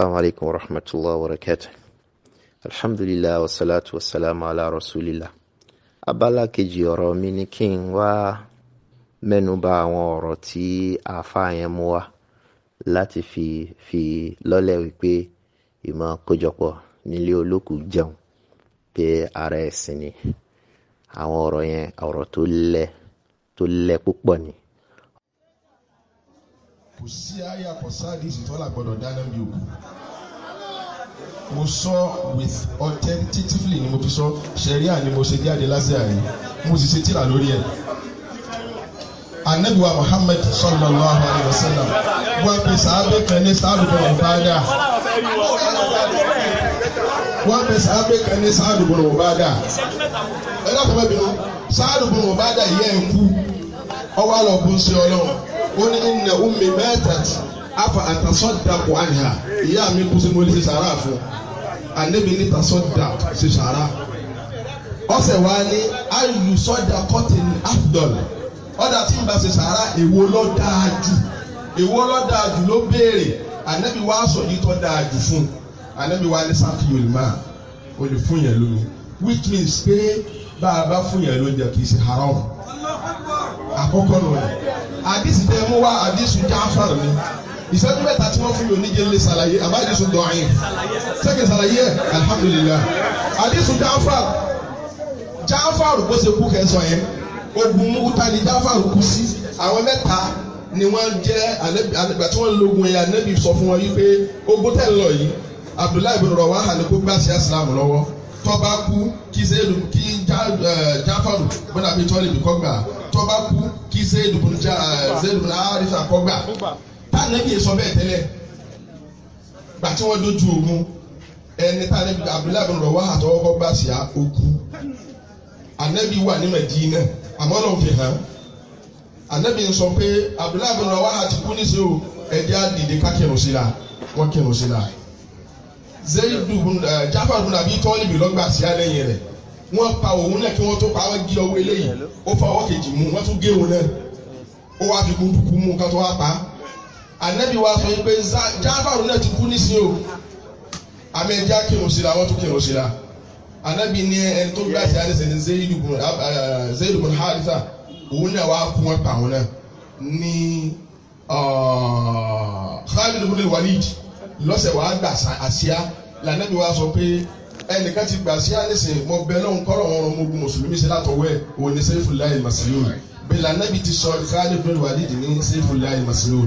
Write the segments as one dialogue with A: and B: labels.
A: السلام عليكم ورحمة الله وبركاته الحمد لله والصلاة والسلام على رسول الله abala kejì ọ̀rọ̀ mi ni kí n wá mẹ́nuba àwọn ọ̀rọ̀ tí àáfàá yẹn mú wá láti fi fi lọ́lẹ̀ wípé ìmọ̀ kójọpọ̀ nílé olókù jẹun pé ara ẹ̀sìn ni àwọn ọ̀rọ̀ yẹn ọ̀rọ̀ tó lẹ tó lẹ púpọ̀ ni
B: kò sí àyà kò sáàdì ìsìtọ́lá gbọ́dọ̀ dáná bí òkú mo sọ with authoritatively ni mo fi sọ sẹ̀ríà ni mo ṣe jáde lásìá yìí mo sì ṣe tírà lórí ẹ̀ anabiwa Muhammad sallallahu alayhi wa sallam wọn pe sàábẹ kan ní sàábẹ kan ọbaada wọn pe sàábẹ kan ní sàábẹ kan ọbaada ẹ dákun bẹ́ẹ̀ bí wọn sàábẹ kan ọbaada yẹ ẹ kú ọwọ́ àlọ́ bó ń ṣe ó ní inna ummi matat afa atasaddaqu anya. ìyá mi kú sí mo lè ṣe sàrà fún anabi ní tasaddaq ṣe sàrà ọsẹ wa ni ayu sọdà cotton afdol ọdà tí n bá ṣe sàrà èwo ló dáa jù èwo ló dáa jù ló béèrè anabi wa sọ yìí tó dáa jù fún anabi wa ní sáfì olùmọ olùfúnyẹlómi which means pé bá a bá fún yẹn lóúnjẹ kì í ṣe haram àkọ́kọ́ nù rẹ̀ àdìsí tẹ mú wá àdìsí jáfàr ni ìṣẹ́jú mẹ́ta tí wọ́n fún mi oníjẹ lè ṣàlàyé àbá àdìsí dọ̀ọ́yìn sẹ́kẹ̀ ṣàlàyé alhamdulilah àdìsí jáfàr jáfàr bó ṣe kú kẹsàn yẹn ogun múkuta ni jáfàr kú sí àwọn mẹ́ta ni wọ́n jẹ́ àgbà tí wọ́n lógun ẹ̀yà nẹ́bí sọ fún wọn yìí pé ogun tẹ̀ ń lọ yìí Abdullahi bin Rawaha ni kó gbà sí Islam lọ́wọ́ tọ́ba ku kize sẹ́ẹ̀dù kí jáfàrù bọ́n àbí tọ́lìbì kọ́ gbà tọ́ba kú kí sẹ́ẹ̀dù bọ́n sẹ́ẹ̀dù bọ́n àrísà kọ́ gbà tánàbí eh, sọ bẹ́ẹ̀ tẹ́lẹ̀ gbà tí wọ́n dojú ogun ẹni tánàbí abdullahi bin rọwá àtọwọ́kọ́ gbà sí okú anabi wà ní Madina àmọ́ náà fi hàn anabi sọ pé abdullahi bin rọwá àti kú o ẹ̀dí á ká kírun sí la wọ́n kírun sí la zayidu eh, jafar bin abi tọ́lìbì lọ́gbà sí alẹ́yìn rẹ̀ wọ́n pa òun náà kí wọ́n tó pa wọ́n gé ọwọ́ eléyìí ó fa ọwọ́ kejì mú wọ́n tún gé òun náà ó wá fi kúndùkú mú kátó wá pa anabi wa sọ pé jafar náà ti kú nísìnyí o àmì ẹja kírun síra wọ́n tún kírun síra anabi ní ẹni tó gbà sí alẹ́sẹ̀ ní zayidu bin eh, harisa òun náà wá kú wọ́n pa òun náà ní ah, khalid bin walid lọ́sẹ̀ wàá gbà àsíá lànàbí wa sọ pé ẹnìkan ti gbà àsíá lẹ́sẹ̀ mọ bẹ́ẹ̀ lọ́hùn kọ́rọ̀ wọn ọmọ ogun mùsùlùmí sí látọwọ́ ẹ̀ òun ní sẹ́fù láì màsílò bí lànàbí ti sọ Khalid bin Walid ní sẹ́fù láì màsílò.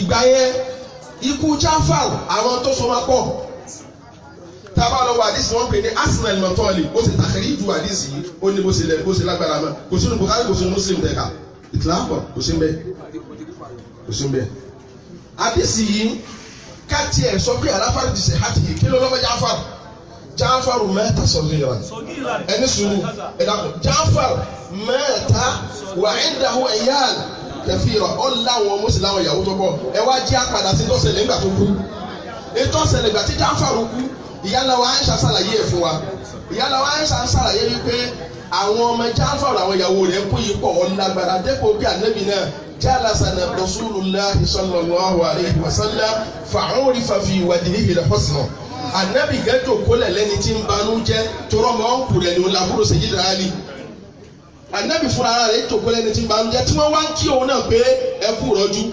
B: ìgbà yẹn ikú Jafar àwọn tó so máa pọ̀ tába lọ wọ àdìsí wọn pè ní arsenal mọtọọlì ó sì tàkìrí ju àdìsí yìí ó ní bó ṣe lẹ bó ṣe lágbára mọ kò sínú Bukhari kò sínú Muslim tẹka ìtìlápọ kò sí mbẹ kò sí mbẹ àdìsí yìí káàtì ẹ̀ sọ pé aláfàrò ti ṣe hàtì yìí kí ló lọ́mọ jáfàrò jáfàrò mẹ́ta sọ̀gìrà ẹni sùúrù ẹ̀dá jáfàrò mẹ́ta wà ẹ̀dáhùn ẹ̀yáàlì kẹfìrọ ọ̀làwọn mùsùlùmí ìyàwó tó bọ̀ ẹ wá jí apàdà sí tọ́sẹ̀lẹ̀ ńgbà tó kú ètòsẹ̀lẹ̀ ìgbà tí jáfàrò kú ìyálà wa Aisha ṣàlàyé ẹ̀ fún wa ìyálà wa Aisha ṣàlàyé wípé àwọn ọmọ jáfàrò àwọn ìyàwó rẹ̀ kú yìí pọ̀ ọ̀lágbára dẹ́kun bí ànẹ́bí náà jalasana rasulillahi sallallahu alayhi wa sallam fàáhùn rìfàfì ìwádìí ìhìlẹ̀ fọ́sìnà anabi gẹ́jọ́ kólẹ̀ lẹ́ni tí ń banú jẹ́ tọrọ mọ́ ń kúrẹ́ ní olàbúrò sèjìdà ali anabi fúnra ara rẹ̀ tó kólẹ̀ lẹ́ni tí ń banú jẹ́ tí wọ́n wá ń kí òun náà pé ẹ kú rọ́jú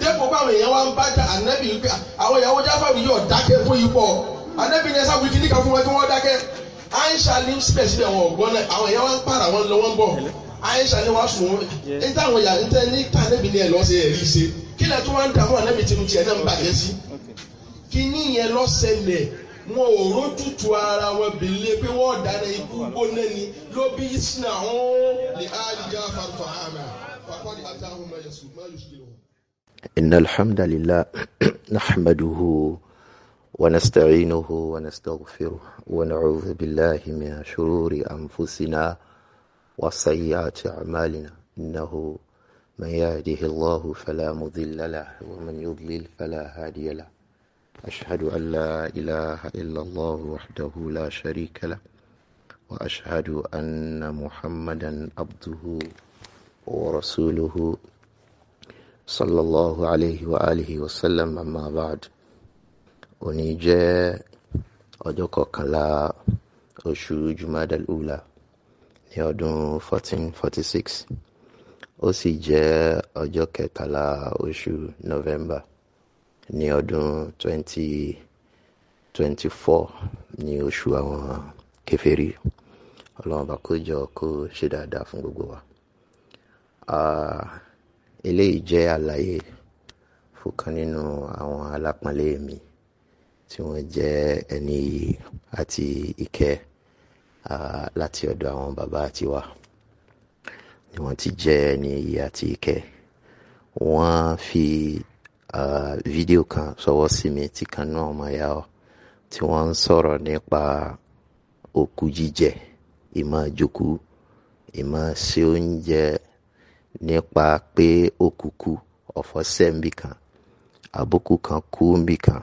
B: dépò báwọn èèyàn wá ń bá jà anabi pé àwọn ìyàwó jáfàbí yóò dákẹ́ fún yípo anabi ní ẹsẹ̀ wíkì níkà fún wọn kí wọ́n dákẹ́ aisha ní síbẹ̀síbẹ̀ wọn ò gbọ́n náà àwọn èèyàn wá ń pààrà wọn lọ wọn bọ̀ Aisha ni wàá sùn ní táwọn yàrá ní ní ká anábì ní ẹ lọ́sẹ̀ ẹ̀ rí ṣe kí ni àtúwọ́n ń dààmú anábì tinú tiẹ̀ náà ń bàjẹ́ sí. kí ní yẹn lọ́sẹ̀lẹ̀ wọn ò rójútu ara wọn bèlè pé wọ́n dáná ikú gbóná ni ló bí sinà ó lè áyà fàtọ̀ àmà fàkọ́dé àtàwọn ọmọ yẹn
A: sùn má yóò ṣe wọn. إن الحمد لله نحمده ونستعينه ونستغفره ونعوذ بالله من شرور أنفسنا وسيئات أعمالنا إنه من يهده الله فلا مضل له ومن يضلل فلا هادي له أشهد أن لا إله إلا الله وحده لا شريك له وأشهد أن محمدا عبده ورسوله صلى الله عليه وآله وسلم أما بعد òní أدوكو كلا kọkànlá oṣù الأولى ní ọdún 1446 ó sì jẹ́ ọjọ́ kẹtàlá oṣù november ní ọdún 2024 ní oṣù àwọn kèfèrí ọlọ́run bá kó jọ kó ṣe dáadáa fún gbogbo wa eléyìí jẹ́ àlàyé fún kan nínú àwọn alápọ̀nlé mi tí wọ́n jẹ́ ẹni àti ìkẹ́ láti ọ̀dọ̀ àwọn bàbá tiwa ni wọ́n ti jẹ́ ẹni iyì àti ìkẹ́ wọ́n fi fídíò kan sọwọ́ sí mi tí kan náà ọmọ ya ọ tí wọ́n ń sọ̀rọ̀ nípa òkú jíjẹ ìmọ̀ àjòkú ìmọ̀ ṣe oúnjẹ nípa pé òkú kú ọ̀fọ̀ sẹ́ńbì kan àbùkù kan kú ń kan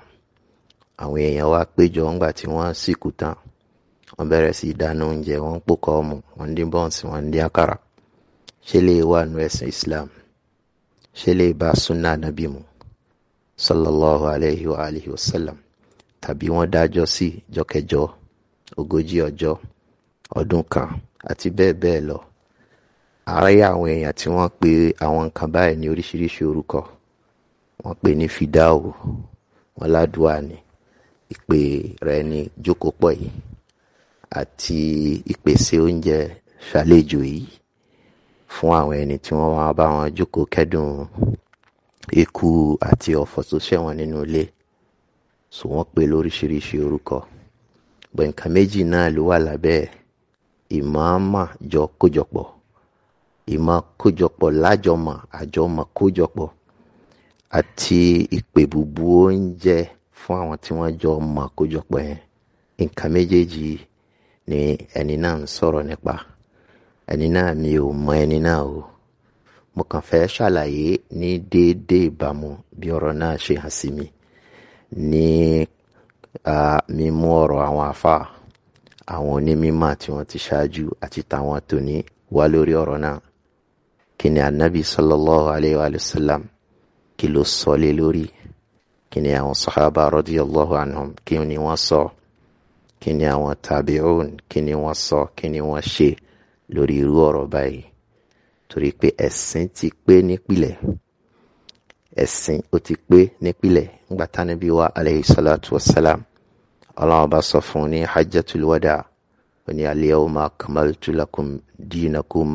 A: àwọn èèyàn wá péjọ ńgbà tí wọ́n sìnkú tán wọ́n bẹ̀rẹ̀ sí dáná oúnjẹ wọ́n ń pò kọ́ọ̀mù wọ́n dín bọ́ǹsì wọ́n dín àkàrà ṣé lè wà nù ẹ̀sìn Islam ṣé lè bá súnà nàbí mu sallallahu alayhi wa alihi wa sallam tàbí wọ́n dájọ́ sí jọkẹjọ ogójì ọjọ́ ọdún kan àti bẹ́ẹ̀ bẹ́ẹ̀ lọ àárẹ̀ àwọn èèyàn tí wọ́n pe àwọn nǹkan báyìí ní oríṣiríṣi orúkọ wọ́n pè ní fidao wọ́n ládùúà ní ìpè rẹ̀ ní jókòó pọ̀ yìí àti ìpèsè oúnjẹ ṣàlejò yìí fún àwọn ẹni tí wọ́n wá bá wọn jókòó kẹ́dùn ikú àti ọ̀fọ̀ tó ṣẹ̀ wọ́n nínú ilé so wọ́n pè lóríṣiríṣi orúkọ bọ̀ nǹkan méjì náà ló wà lábẹ́ ìmọ̀ọ́mà jọ kójọpọ̀ ìmọ̀ kójọpọ̀ lájọmọ̀ àjọmọ̀ kójọpọ̀ àti ìpè bùbù oúnjẹ fún àwọn tí wọ́n jọ mọ̀ kójọpọ̀ yẹn nǹkan méjèèjì yìí ni ẹni náà ń sọ̀rọ̀ nípa ẹni náà mi ò mọ ẹni náà o mo kàn fẹ́ ṣàlàyé ní déédéé ìbámu bí ọ̀rọ̀ náà ṣe hàn sí mi ní mímú ọ̀rọ̀ àwọn àfáà àwọn onímímà tí wọ́n ti ṣáájú àti tàwọn tòní wá lórí ọ̀rọ̀ náà kí ni anabi sallallahu alayhi wa sallam kí ló sọ lé lórí kí ni àwọn sahaba radiyallahu anhum kí ni wọ́n sọ. So kí ni àwọn tabi'un kí ni wọ́n sọ kí ni wọ́n ṣe lórí irú ọ̀rọ̀ báyìí torí pé ẹ̀sìn ti pé nípìlẹ̀ ẹ̀sìn ó ti pé nípìlẹ̀ nígbà tánábí wa alayhi salatu wassalam ọlọ́run bá sọ fún un ní hajjatul wada ó ní al dinakum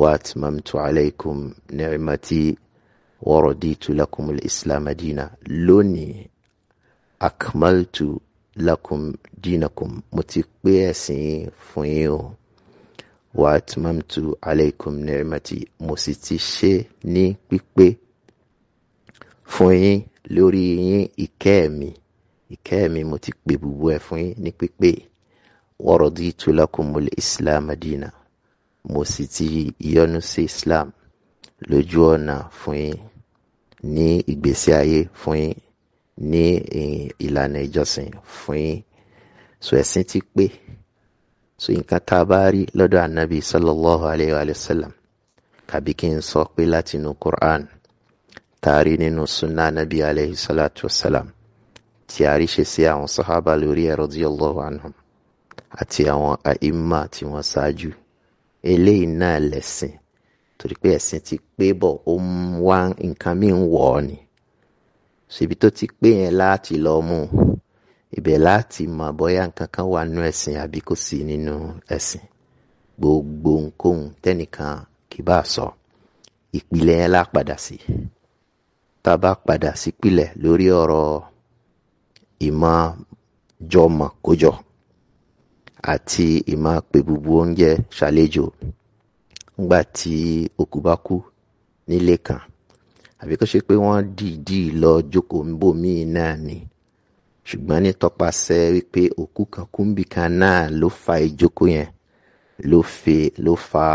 A: wa atmamtu alaykum ni'mati wa raditu lakum islam dina lónìí akmaltu lakum dinakum mo ti pé ẹ̀sìn fún yín o wa atmamtu alaykum ni'mati mo sì ti ṣe ní pípé fún yín lórí yín ìkẹ́ mi ìkẹ́ mi mo ti pè gbogbo ẹ̀ fún yín ní pípé wa raditu lakumul islam dina mo sì ti yọ́nú sí islam lójú ọ̀nà fún yín ní ìgbésí ayé fún yín ní ìlànà ìjọsìn fún yín so ẹ̀sìn ti pé so nǹkan tá a bá rí lọ́dọ̀ ànábì sallallahu alayhi wa sallam kàbí kí n sọ pé látinú Qur'an taari nínú sunna ànábì alayhi salatu wa salam tí a rí ṣe sí àwọn sahaba lórí ẹ̀ radiyallahu anhum àti àwọn àìmà tí wọ́n ṣáájú eléyìí náà lẹ̀sìn torí pé ẹ̀sìn ti pé bọ̀ ó ń wá nǹkan míì ń wọ̀ ni ṣèbí tó ti pé yẹn láti lọ mú un ibẹ̀ láti mọ̀ bóyá nǹkan kan wà nínú ẹ̀sìn àbí kò sí nínú ẹ̀sìn gbogbo ohunkóhun tẹ́nìkan kì bá sọ ìpìlẹ̀ yẹn la padà sí tá a bá padà sípìlẹ̀ lórí ọ̀rọ̀ ìmọ̀ jọmọ̀ kójọ àti ìmọ̀ pé oúnjẹ ṣàlejò ńgbà tí òkú bá kú nílé kan àbí kó ṣe pé wọ́n dìídì lọ jókòó ń bò míì náà ni ṣùgbọ́n ní tọpasẹ̀ wípé òkú kan kúńbì kan náà ló fa ìjókòó yẹn ló fe ló fa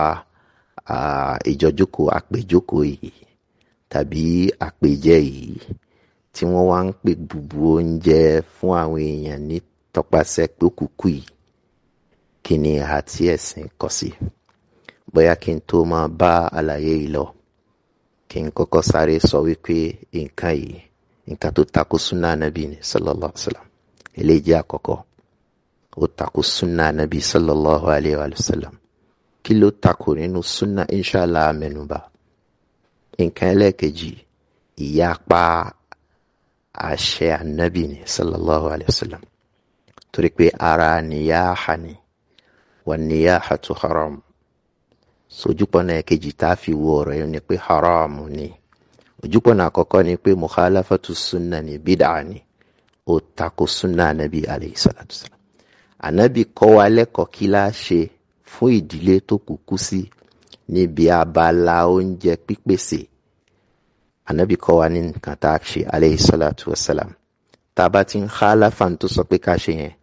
A: ìjọjókòó àpèjókòó yìí tàbí àpèjẹ yìí tí wọ́n wá ń pè bùbù oúnjẹ fún àwọn èèyàn ní tọpasẹ̀ pé òkùnkù yìí kí ni àti ẹ̀sìn kọ sí bóyá kí n tó máa bá àlàyé yìí lọ kí n kọ́kọ́ sáré sọ wípé nǹkan yìí nǹkan tó takò súnà nàbì ni sallallahu alayhi wa sallam eléyìí jẹ́ àkọ́kọ́ ó takò súnà nàbì sallallahu alayhi wa sallam kí ló takò nínú súnà inṣàlá mẹ́nubà nǹkan ẹlẹ́ẹ̀kejì ìyapa àṣẹ ànábì ni sallallahu alayhi wa sallam torí pé ara nìyáhà ni wà nìyáhà tó haram sojúpọ̀nà ẹ̀kejì tá a fi wo ọ̀rọ̀ yẹn ni pé haramu ni ojúpọ̀nà àkọ́kọ́ ni pé mukhalafatu sunna ni bid'a ni ó tako sunna anabi alayhi salatu salam anabi kọ́ wa lẹ́kọ̀ọ́ kí la ṣe fún ìdílé tó kúkú sí níbi abala oúnjẹ pípèsè anabi kọ́ wa ní nǹkan tá a ṣe alayhi salatu wasalam tá a bá ti ń khalafa tó sọ pé ká ṣe yẹn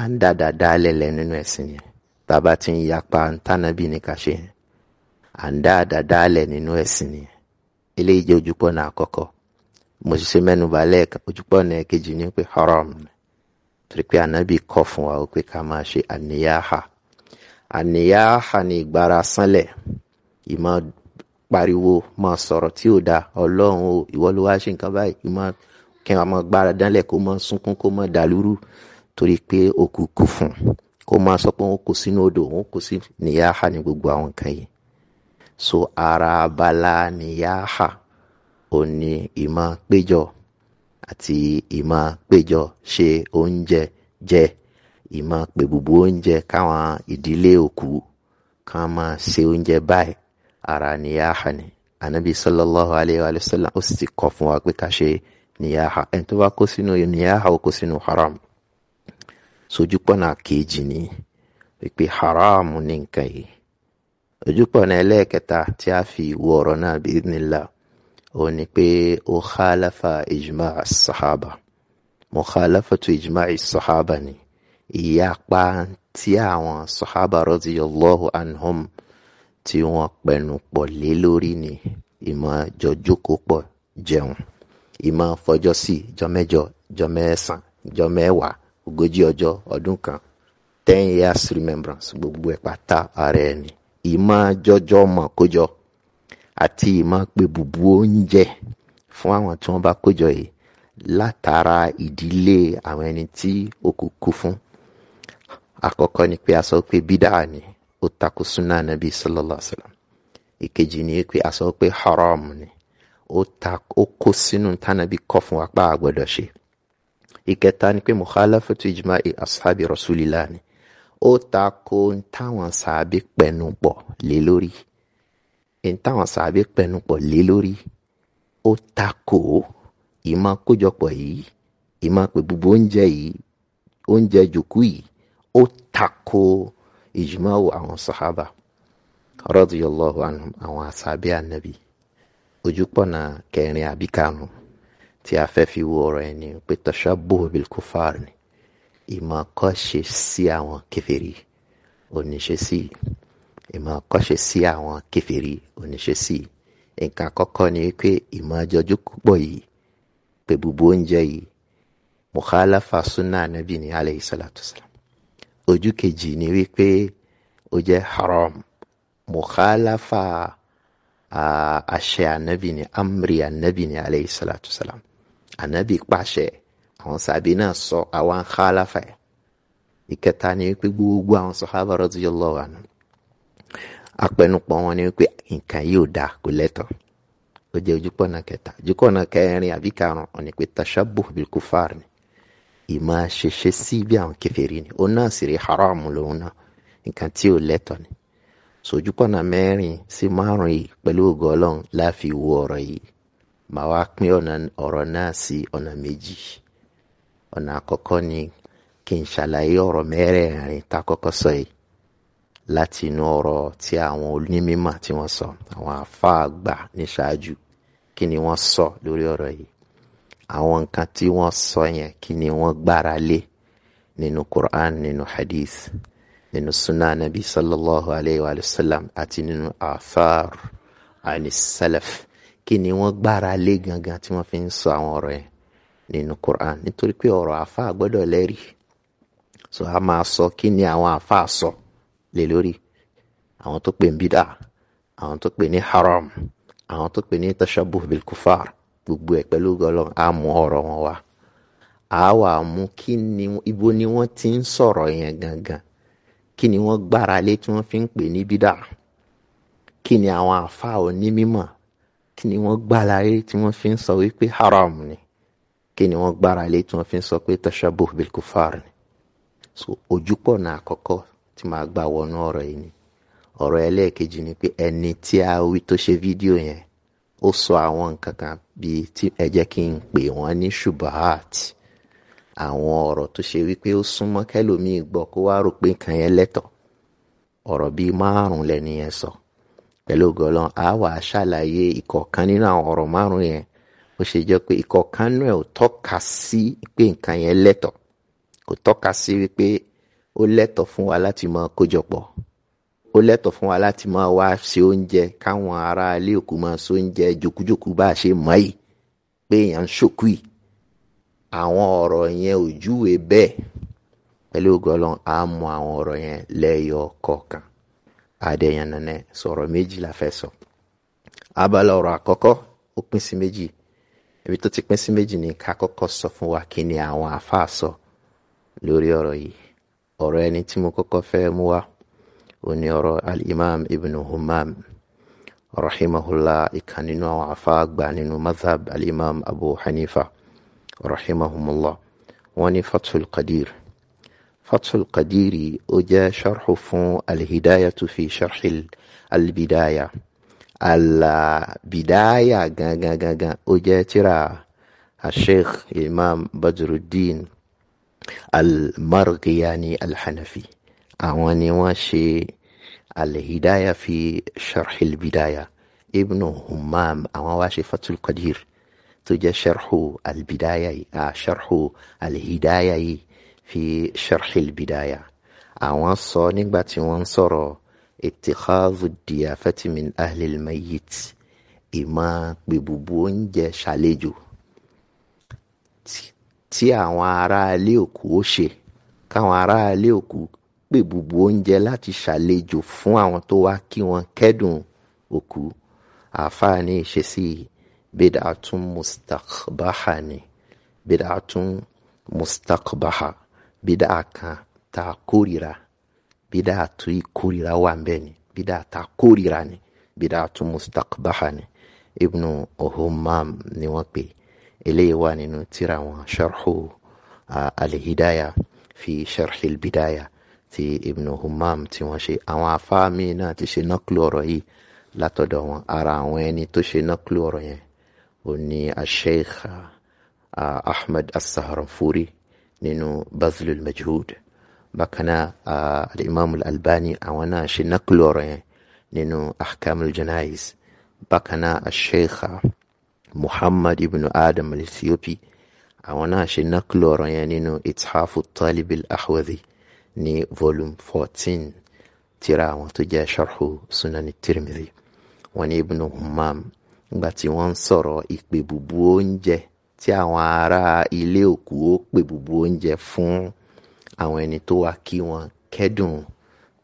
A: à ń dàdà dálẹ̀ lẹ́nu ẹ̀sìn yẹn tá a bá ti ń yapa tánàbì ní ká ṣe yẹn à ń dá àdàdálẹ̀ nínú ẹ̀sìn nìyẹn eléyìí jẹ́ ojúpọ̀nà àkọ́kọ́ mo sì ṣe mẹ́nuba lẹ́ẹ̀kan ojúpọ̀nà kejì ní pé haram ni torí pé ànábì kọ̀ fún wa pé ká máa ṣe àníyáhà àníyáhà ni ìgbára sánlẹ̀ ìmọ̀ pariwo máa sọ̀rọ̀ tí ò da ọlọ́run o ìwọ ló wá ṣe nǹkan báyìí ìmọ̀ kí wọn máa gbára dánlẹ̀ kó máa sunkún kó máa dàlúrú torí pé ó fún un kó máa sọ pé òun kò sínú odò òun kò sí níyàhà ní gbogbo àwọn nǹkan yìí so ara abala níyàhà ò ní ìmọ̀ péjọ àti ìmọ̀ péjọ ṣe oúnjẹ jẹ ìmọ̀ pé gbogbo oúnjẹ káwọn ìdílé òkú kan máa ṣe oúnjẹ báyìí ara níyàhà ni ànábì sallallahu alayhi wa sallam ó sì ti kọ fún wa pé ká ṣe níyàhà ẹni tó bá kó sínú níyàhà ó kó sínú haram sojúpọ̀nà kejì ni wípé haramu ní nǹkan yìí ojúpọ̀nà ẹlẹ́ẹ̀kẹta tí a fi wo ọ̀rọ̀ náà bí nílà ó ní pé ó khalafa ijma sahaba mukhalafatu ijma sahaba ni ìyapa tí àwọn sahaba radiyallahu anhum tí wọ́n pẹnu pọ̀ lé lórí ni ìmọ̀ jọjókòó pọ̀ jẹun ìmọ̀ fọjọ́ sí jọ mẹ́jọ jọ ogójì ọjọ́ ọdún kan ten years remembrance gbogbo ẹ̀ pátá ara ẹ̀ ni ìmọ̀ jọjọ́ mọ̀ kójọ àti ìmọ̀ pé bùbú oúnjẹ fún àwọn tí wọ́n bá kójọ yìí látara ìdílé àwọn ẹni tí ó kú kú fún àkọ́kọ́ ni pé a sọ pé bídáà ni ó takò súnà nàbí sallallahu alaihi wasallam ìkejì ni pé a sọ pé haram ni ó kó sínú tánàbí kọ́ fún apá àgbọ̀dọ̀ ṣe ìkẹta ni pé mukhalafatu ijma'i ashabi rasulillah ni ó ta ko ń táwọn sàábé pẹnu pọ̀ lé lórí ń táwọn sàábé pẹnu pọ̀ lé lórí ó ta ko ìmọ̀ kójọpọ̀ yìí ìmọ̀ pé gbogbo oúnjẹ yìí oúnjẹ jòkú yìí ó ta ko ijma'u àwọn sahaba radiyallahu àwọn sàábé ànábì ojúpọ̀nà kẹrin àbí tí a fẹ́ fi wo ọ̀rọ̀ yẹn ni pé tashabbuh bil kufar ni ìmọ̀ kọ́ṣe sí àwọn kèfèrí oníṣe sí ìmọ̀ kọ́ṣe sí àwọn kèfèrí oníṣe sí nǹkan àkọ́kọ́ ni pé ìmọ̀ àjọjú púpọ̀ yìí pé gbogbo oúnjẹ yìí mukhalafa sunna anabi ni alayhi salatu salam ojú kejì ni wípé ó jẹ́ haram mukhalafa àṣẹ anabi ni amri anabi ni alayhi ànábì pàṣẹ àwọn sàbí náà sọ àwa ń khalafa ẹ̀ ìkẹta ni wípé gbogbo àwọn sàhábà radiyallahu anhu apẹnupọ̀ wọn ni wípé nǹkan yìí ò dáa kò lẹ́tọ̀ọ́ ó jẹ́ ojúpọ̀nà kẹta ojúpọ̀nà kẹrin àbí karùn-ún ọ̀nà pé tashabbuh bil kufar ni ìmọ̀ ṣẹṣẹ sí bí àwọn kèfèrí ni òun náà sì rí haram lòun náà nǹkan tí ò lẹ́tọ̀ ni sojúpọ̀nà mẹ́rin sí márùn yìí pẹ̀lú ògo ọlọ́run la wo ọ̀rọ̀ yìí màá wá pín ọ̀nà ọ̀rọ̀ náà sí ọ̀nà méjì ọ̀nà àkọ́kọ́ ni kí n ṣàlàyé ọ̀rọ̀ mẹ́rẹ̀ẹ̀rin tá a kọ́kọ́ sọ yìí láti inú ọ̀rọ̀ tí àwọn onímọ̀ tí wọ́n sọ àwọn àfáà àgbà ní ṣáájú kí ni wọ́n sọ lórí ọ̀rọ̀ yìí àwọn nǹkan tí wọ́n sọ yẹn kí ni wọ́n gbára lé nínú Quran nínú hadith nínú sunnah nabi sallallahu alayhi wa sallam àti nínú athar anis kí ni wọ́n gbára lé gangan tí wọ́n fi ń sọ àwọn ọ̀rọ̀ yẹn nínú Quran nítorí pé ọ̀rọ̀ àfa gbọ́dọ̀ lẹ́rìí so a máa sọ kí ni àwọn àfa sọ lè lórí àwọn tó pè ń bídà àwọn tó pè ní haram àwọn tó pè ní tashabuh bil kufar gbogbo ẹ̀ pẹ̀lú gọlọ́n á mú ọ̀rọ̀ wọn wá á wà mú kí ni ibo ni wọ́n ti ń sọ̀rọ̀ yẹn gangan kí ni wọ́n gbára lé tí wọ́n fi ń pè ní bídà kí ni àwọn àfa onímọ̀ kí ni wọ́n gbà láyé tí wọ́n fi ń sọ wípé haram ni kí ni wọ́n gbára lé tí wọ́n fi ń sọ pé tashabuh bil ni so ojúpọ̀ náà àkọ́kọ́ tí màá gbà wọnú ọ̀rọ̀ yìí ni ọ̀rọ̀ ẹlẹ́ẹ̀kejì ni pé ẹni tí a wí tó ṣe fídíò yẹn ó sọ àwọn nǹkan kan bíi tí ẹ jẹ́ kí n pè wọ́n ní shubahat àwọn ọ̀rọ̀ tó ṣe wípé ó súnmọ́ kẹ́lòmíì gbọ́ kó wá rò pé nǹkan yẹn lẹ́tọ̀ ọ̀rọ̀ bíi márùn-ún lẹ́ni yẹn sọ. So pẹ̀lú gọlọ́n a wà ṣàlàyé ìkọ̀ọ̀kan nínú àwọn ọ̀rọ̀ márùn-ún yẹn ó ṣe jẹ́ pé ìkọ̀ọ̀kan náà ò tọ́ka sí pé nǹkan yẹn lẹ́tọ̀ kò tọ́ka sí wípé ó lẹ́tọ̀ fún wa láti máa kójọpọ̀ ó lẹ́tọ̀ fún wa láti máa wá ṣe oúnjẹ káwọn ará ilé òkú máa ṣe oúnjẹ jòkújòkú bá a ṣe mọ̀ yìí pé èèyàn ń ṣòkú yìí àwọn ọ̀rọ̀ yẹn ò júwe bẹ́ẹ̀ pẹ̀lú gọlọ́n a mú àwọn ọ̀rọ̀ yẹn lẹ́yọ kọ̀ọ̀kan adẹ̀yànnànẹ sọ̀rọ̀ méjì la fẹ́ sọ. abala ọ̀rọ̀ àkọ́kọ́ ó pín sí méjì ibi tó ti pín sí méjì ni ká kọ́kọ́ sọ fún wa kí ni àwọn àáfàá sọ lórí ọ̀rọ̀ yìí ọ̀rọ̀ ẹni tí mo kọ́kọ́ fẹ́ mú wa ó ní al-imam ibn humam rahimahullah ìkan nínú àwọn àáfàá àgbà mazhab al-imam abu hanifa rahimahumullah wọ́n ní qadir فتح القدير أجا شرح فون الهداية في شرح البداية البداية أجا ترى الشيخ إمام بدر الدين المرغياني الحنفي أواني واشي الهداية في شرح البداية ابن همام أواشي فتح القدير تجا شرح البداية آه، شرح الهداية fi sharhil bidaya àwọn sọ nígbà tí wọ́n ń sọ̀rọ̀ ittikhadhu diyafati min ahlil mayyit ìmọ̀ pèbùbù oúnjẹ ṣàlejò tí àwọn aráalé òkú ó ṣe káwọn aráalé òkú pèbùbù oúnjẹ láti ṣàlejò fún àwọn tó wá kí wọn kẹ́dùn òkú àáfàá ní ìṣesí bid'atun mustaqbaha ni bid'atun mustaqbaha bídà kan tá a kórìíra bídà tó yí kórìíra wà ń bẹ̀ ni bídà tá a kórìíra ni bídà tó mustaqbaha ni ibnu ohumam ni wọ́n pè eléyìí wà nínú tíra wọn sharhu alihidaya fi sharhil bidaya ti ibnu ohumam tí wọ́n ṣe àwọn afáàmì náà ti ṣe nọ́kìlì ọ̀rọ̀ yìí látọ̀dọ̀ wọn ara àwọn ẹni tó ṣe nọ́kìlì ọ̀rọ̀ yẹn ó ní asheikh ahmed asaharanfuri. As nínú bazlul majhud bákan náà al-imam al-albani àwọn náà ṣe nákùlù ọ̀rọ̀ yẹn nínú ahkamul janais bákan náà al-sheikh muhammad ibn adam al-ethiopi àwọn náà ṣe nákùlù ọ̀rọ̀ yẹn nínú ithafu talib al-ahwazi ní volume fourteen tírà àwọn tó jẹ́ sharhu sunan tirmidhi wọn ní ibn humam nígbà tí wọ́n ìpè bùbú oúnjẹ tí àwọn ará ilé òkú ó pè bùbù oúnjẹ fún àwọn ẹni tó wá kí wọn kẹ́dùn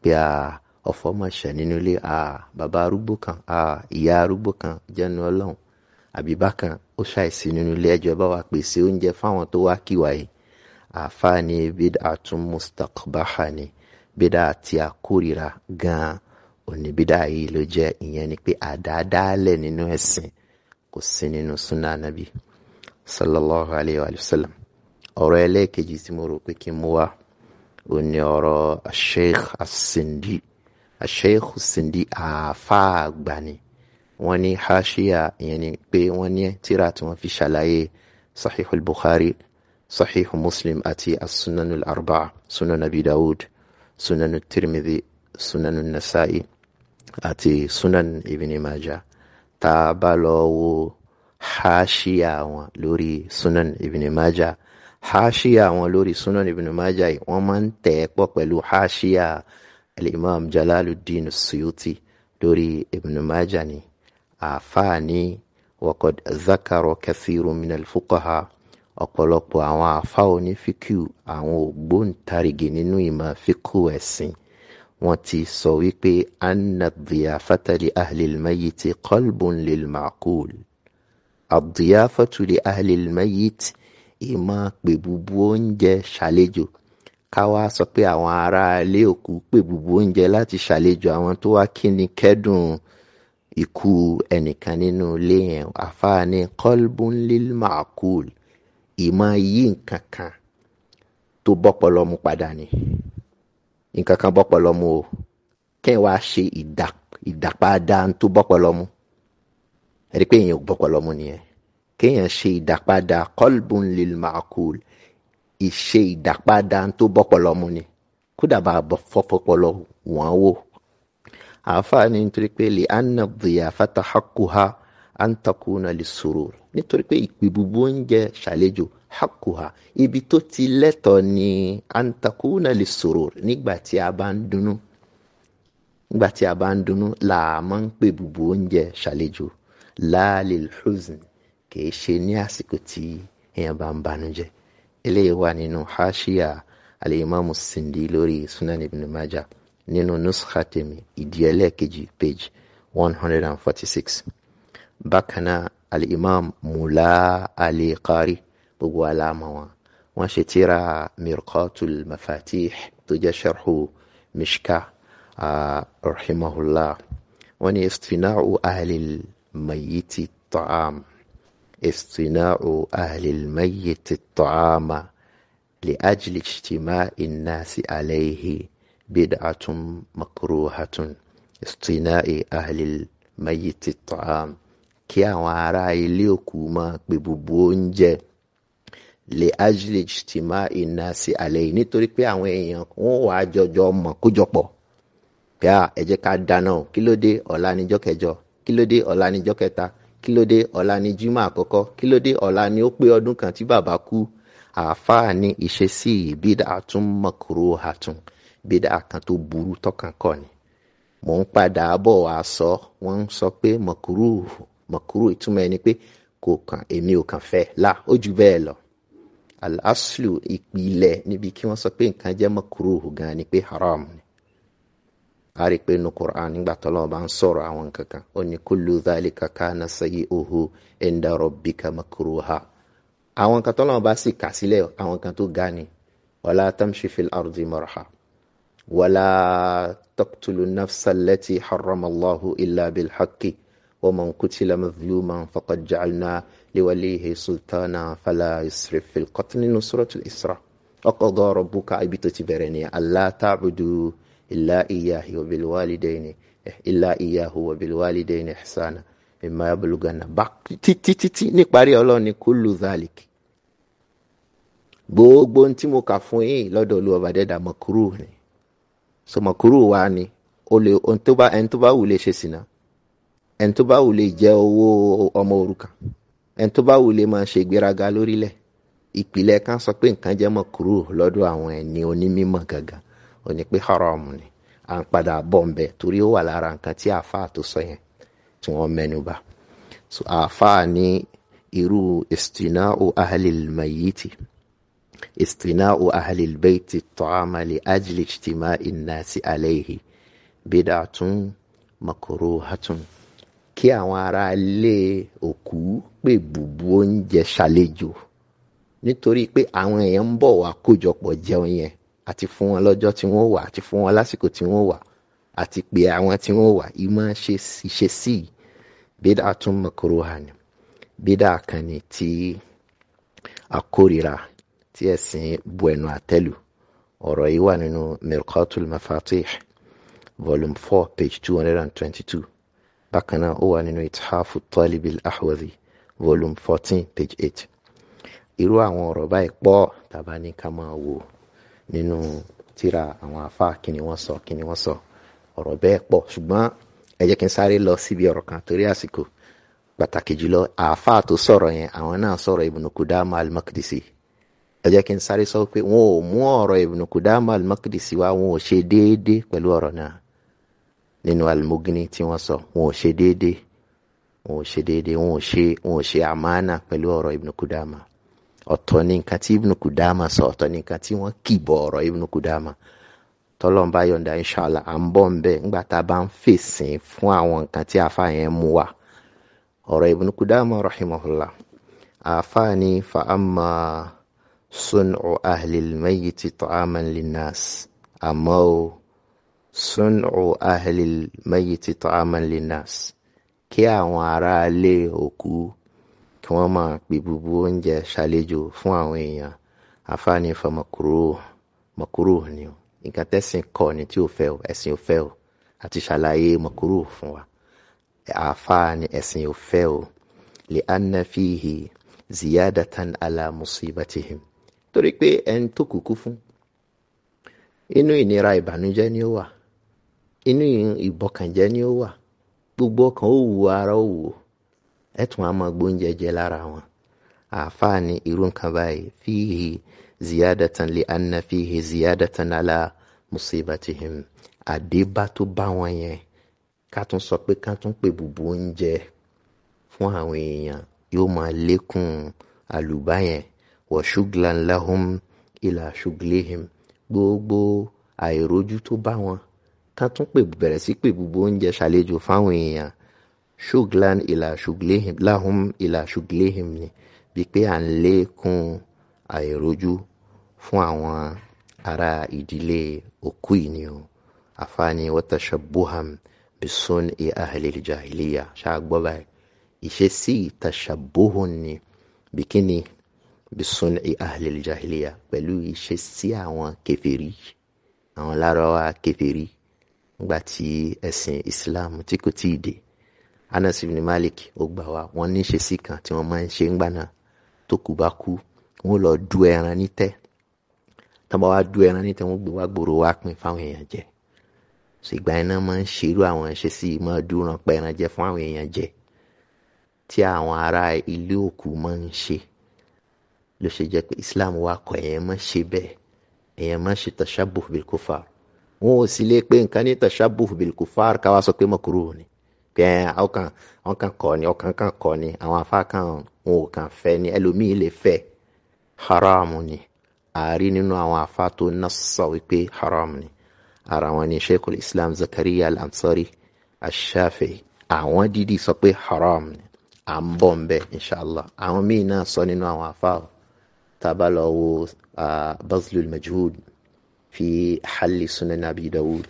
A: pé a ọ̀fọ̀ mà ṣẹ̀ nínú ilé à bàbá arúgbó kan à ìyá arúgbó kan jẹ́nu ọlọ́run àbíbákan ó ṣàìsí nínú ilé ẹjọ́ bá wa pèsè oúnjẹ fáwọn tó wá kí wa yìí àáfàá ni bídà tún mustaqbaha ni bídà tí a kórìíra gan-an òní bídà yìí ló jẹ́ ìyẹn ni pé àdáadáalẹ̀ nínú ẹ̀sìn kò sí nínú súnà nàbí sallallahu alayhi wa sallam ọ̀rọ̀ ẹlẹ́ẹ̀kejì tí mo rò pé kí n mú wá ó ní ọ̀rọ̀ sheikh asindi sheikh asindi àáfà àgbà ni wọ́n ní hashiya ìyẹn ni pé wọ́n ní tíra tí wọ́n fi ṣàlàyé sahih al-bukhari sahih muslim àti as-sunanul sunan abi dawud sunan tirmidhi sunan nasa'i àti sunan ibn majah tá a bá lọ wo háṣíà wọn lórí sunan ibn majah háṣíà wọn lórí sunan ibn majah yìí wọ́n máa ń tẹ̀ ẹ́ pọ̀ pẹ̀lú háṣíà al-imam jalaluddin suyuti lórí ibn majah ni àáfàá ní waqad zakaro kathiru min al-fuqaha ọ̀pọ̀lọpọ̀ àwọn àáfà onífíkìú àwọn ògbóǹtarìgì nínú ìmọ̀ fíkù ẹ̀sìn wọ́n ti sọ wípé anna dhiyafata li ahli al-mayyiti qalbun lil ma'qul. Àdìyáfọ́tù li ahlil mayyit ìmọ̀ pèbùbù oúnjẹ ṣàlejò ká wá sọ pé àwọn aráalé òkú pèbùbù oúnjẹ láti ṣàlejò àwọn tó wá kíni kẹ́dùn ikú ẹnìkan nínú ilé yẹn àfáà ní qalbun lil ma'qul ìmọ̀ yí nǹkan kan tó bọ́pọlọmu padà ni nǹkan kan bọ́pọlọmu o kẹ́ ẹ̀ wá ṣe ìdàpadà tó bọ́pọlọmu ẹ̀rí pé èèyàn ò gbọ́pọ̀lọ́ mú nìyẹn kéèyàn ṣe ìdápadà kọ́lbùn lil ma'qul ìṣe ìdápadà tó bọ́pọ̀lọ́ mú ni kódà bá fọ́pọ̀lọ́ wọ́n wò. àáfàá ni nítorí pé lè anna dhiyafata haqquha an takuna lis-surur nítorí pé ìpèbùbù oúnjẹ ṣàlejò hakuha ibi tó ti lẹ́tọ̀ ni antakuna lè sọ̀rọ̀ nígbà tí a bá ń dunnú nígbà tí a bá ń dunnú là máa ń pè bùbù oúnjẹ ṣàlejò láàlìl huzn kìí ṣe ní àsìkò tí èèyàn bá ń banújẹ́ eléyìí wà nínú haṣíà alimami sindi lórí sunan ibn maja nínú nusxa tèmi ìdí ẹlẹ́ẹ̀kejì page one hundred and forty six bákan náà alimam mula ali qari gbogbo aláàmà wọn wọn ṣe tíra mirqatul mafatih tó jẹ́ sharhu mishka ah, rahimahullah wọn ni istina'u ahlil. ميت الطعام اصطناع أهل الميت الطعام لأجل اجتماع الناس عليه بدعة مكروهة اصطناع أهل الميت الطعام kí àwọn ará ilé òkú máa pe gbogbo oúnjẹ lè ajli jìtìmá iná sí àlẹ́ yìí nítorí pé àwọn èèyàn wọn wàá jọjọ mọ̀ kójọpọ̀ pé à ẹ jẹ́ ká dáná o kí ló dé ọ̀la níjọ́ kẹjọ kí ló dé ọ̀la níjọ́ kẹta kí ló dé ọ̀la ní jimá àkọ́kọ́ kí ló dé ọ̀la ní ó pé ọdún kan tí bàbá kú àáfàá ní ìṣesí bídà tún mọ̀kúrò àtún bídà kan tó burú tọkàn kọ ni mò ń padà bọ̀ wá sọ wọ́n ń sọ pé mọ̀kúrò mọ̀kúrò ìtumọ̀ ẹni pé kò kàn èmi ò kàn fẹ́ là ó jù bẹ́ẹ̀ lọ al ìpìlẹ̀ níbi kí wọ́n sọ pé nǹkan jẹ́ mọ̀kúrò gan ni pé haram ni a rí i pé inú Qur'an nígbà tọ́lọ́wọ́ bá ń sọ̀rọ̀ àwọn nǹkan kan ó ní kullu dhalika kana sayyi'uhu inda rabbika makruha àwọn nǹkan tọ́lọ́wọ́ bá sì kà sílẹ̀ àwọn nǹkan tó ga ni wala tamshi fil ardi marha wala taqtulu nafsa allati harrama Allahu illa bil haqqi wa man qutila mazluman faqad ja'alna liwalihi sultana fala yusrif fil qatl nínú Isra wa rabbuka ibi tó alla ta'budu إلا إياه وبالوالدين إلا إياه وبالوالدين إحسانا إما يبلغن títí níparí ọlọ́run ni kúlù zalik gbogbo ohun tí mo kà fún yín lọ́dọ̀ olú ọba dẹ́dà mọ̀kúrú ni so mọ̀kúrú wa ni ẹni tó bá wù lè ṣe sìnà ẹni tó bá wù lè jẹ́ owó ọmọ òrukàn ẹni tó bá wù lè máa ṣe ìgbéraga lórílẹ̀ ìpìlẹ̀ kan sọ pé nǹkan jẹ́ mọ̀kúrú lọ́dọ̀ àwọn ẹni onímọ̀ gangan ó ní pé haram ni à ń padà bọ̀ ń bẹ̀ torí ó wà lára nǹkan tí àáfàá tó sọ yẹn tí wọ́n mẹ́nu bà so àáfàá ní irú istina'u ahlil mayiti istina'u ahlil bayti ta'ama li ajli ijtima'i nnasi alayhi bidatun makruhatun kí àwọn ará ilé òkú pè bùbú oúnjẹ ṣàlejò nítorí pé àwọn èèyàn ń bọ̀ wá kójọpọ̀ jẹun yẹn àti fún wọn lọ́jọ́ tí wọ́n wà àti fún wọn lásìkò tí wọ́n wà àti pé àwọn tí wọ́n wà ìmọ̀ ṣe sí bídà tún makruha ni bídà kan ni tí akórira tí ẹ̀sìn bu ẹnu àtẹ́lù ọ̀rọ̀ yìí wà nínú mirqatul mafatih volume four page two hundred and twenty-two bákan náà ó wà nínú ithafu talibil ahwazi volume fourteen page eight irú àwọn ọ̀rọ̀ báyìí pọ̀ tàbá ní ká máa wò nínú tíra àwọn afá kí ni wọ́n sọ kí ni wọ́n sọ ọ̀rọ̀ bẹ́ẹ̀ pọ̀ ṣùgbọ́n ẹ jẹ́ kí n sáré lọ síbi ọ̀rọ̀ kan torí àsìkò pàtàkì jùlọ àáfà tó sọ̀rọ̀ yẹn àwọn náà sọ̀rọ̀ Ibn Qudama al-Maqdisi ẹ jẹ́ kí n sáré sọ pé wọn ò mú ọ̀rọ̀ Ibn Qudama al-Maqdisi wá wọn ò ṣe déédéé pẹ̀lú ọ̀rọ̀ náà nínú al-Mughni tí wọ́n sọ wọn ò ṣe déédéé wọn ò ṣe déédéé wọn ò ṣe wọn ò ṣe àmánà pẹ̀lú ọ̀rọ̀ Ibn Qudama ọ̀tọ̀ ní nǹkan tí Ibn Kudama sọ ọ̀tọ̀ ní nǹkan tí wọ́n kìbọ̀ ọ̀rọ̀ Ibn Kudama tọ́lọ́n bá yọ̀ǹda inshallah à ń bọ̀ ń bẹ̀ ńgbà tá a bá ń fèsì fún àwọn nǹkan tí àáfàá yẹn mú wa ọ̀rọ̀ Ibn Kudama rahimahullah àáfàá ni fa amma sun'u ahlil mayyiti ta'aman linnas àmọ́ o sun'u ahlil mayyiti ta'aman linnas kí àwọn aráalé òkú kí wọ́n máa pè gbogbo oúnjẹ ṣàlejò fún àwọn èèyàn afánífà mọ̀kúrò mọ̀kúrò ni o nǹkan tẹ́sìn kọ́ ni tí ò fẹ́ o ẹ̀sìn ò fẹ́ o àti ṣàlàyé mọ̀kúrò fún wa àáfàá ni ẹ̀sìn ò fẹ́ o lè anna fihi ziyadatan ala musibatihim torí pé ẹni tó kúkú fún inú ìnira ìbànújẹ́ ni ó wà inú ìbọkànjẹ́ ni ó wà gbogbo ọkàn ó wù ara ó wù ó ẹ tún á máa gbóúnjẹ jẹ lára wọn àáfàá ni irú nǹkan báyìí fíhì ziyadatan li anna fíhì ziyadatan ala musibatihim àdébá tó bá wọn yẹn ká tún sọ pé ká tún pè bùbù oúnjẹ fún àwọn èèyàn yóò máa lékún àlùbá yẹn wa shuglan lahum ila shuglihim gbogbo àìrójú tó bá wọn ká tún pè bẹ̀rẹ̀ sí pè bùbù oúnjẹ ṣàlejò fáwọn èèyàn ṣuglan ila ṣuglihim láhùm ila ṣuglihim ni bíi pé à ń lékún àìrójú fún àwọn ará ìdílé òkú yìí ni o àfààní watashabuham bisun i ahlil jahiliya ṣáàgbọ́ báyìí ìṣesí tashabuhun ni bikini bisun i ahlil jahiliya pẹ̀lú ìṣesí àwọn kèfèrí àwọn lárọ́wá kèfèrí nígbà tí ẹ̀sìn Islam tí kò tíì dé. Anas ibn Malik ó gbà wá wọ́n ní ṣe sí kan tí wọ́n máa ń ṣe ń gbà náà tó kù bá kú wọ́n lọ du ẹran nítẹ́ tọ́ba wá du ẹran nítẹ́ wọ́n gbé wá gbòòrò wá pín fáwọn èèyàn jẹ ṣùgbà iná máa ń ṣerú àwọn ṣe sí máa dúran pa ẹran jẹ fún àwọn èèyàn jẹ tí àwọn ará ilé òkú máa ń ṣe ló ṣe jẹ́ pé Islam wa kọ̀ ẹ̀yẹn má ṣe bẹ́ẹ̀ ẹ̀yẹn má ṣe tashabuh bil kufar wọn ò sì lè pé nǹkan ní tashabuh bil kufar sọ pé mọ̀kúrò ni pé ọkàn ọkàn kọ ni ọkàn kan kọ ni àwọn afá kan wọn ò kàn fẹ́ ni ẹlòmíì lè fẹ́ haramu ni ààrí nínú àwọn afá tó ná sọ wípé haramu ni ara wọn ni sheikhul islam zakariya al-ansari ashafi àwọn dídì sọ pé haramu ni à ń bọ̀ nbẹ inshàlá àwọn míì náà sọ nínú àwọn afá o bazlul majhud fi halli sunan abi dawud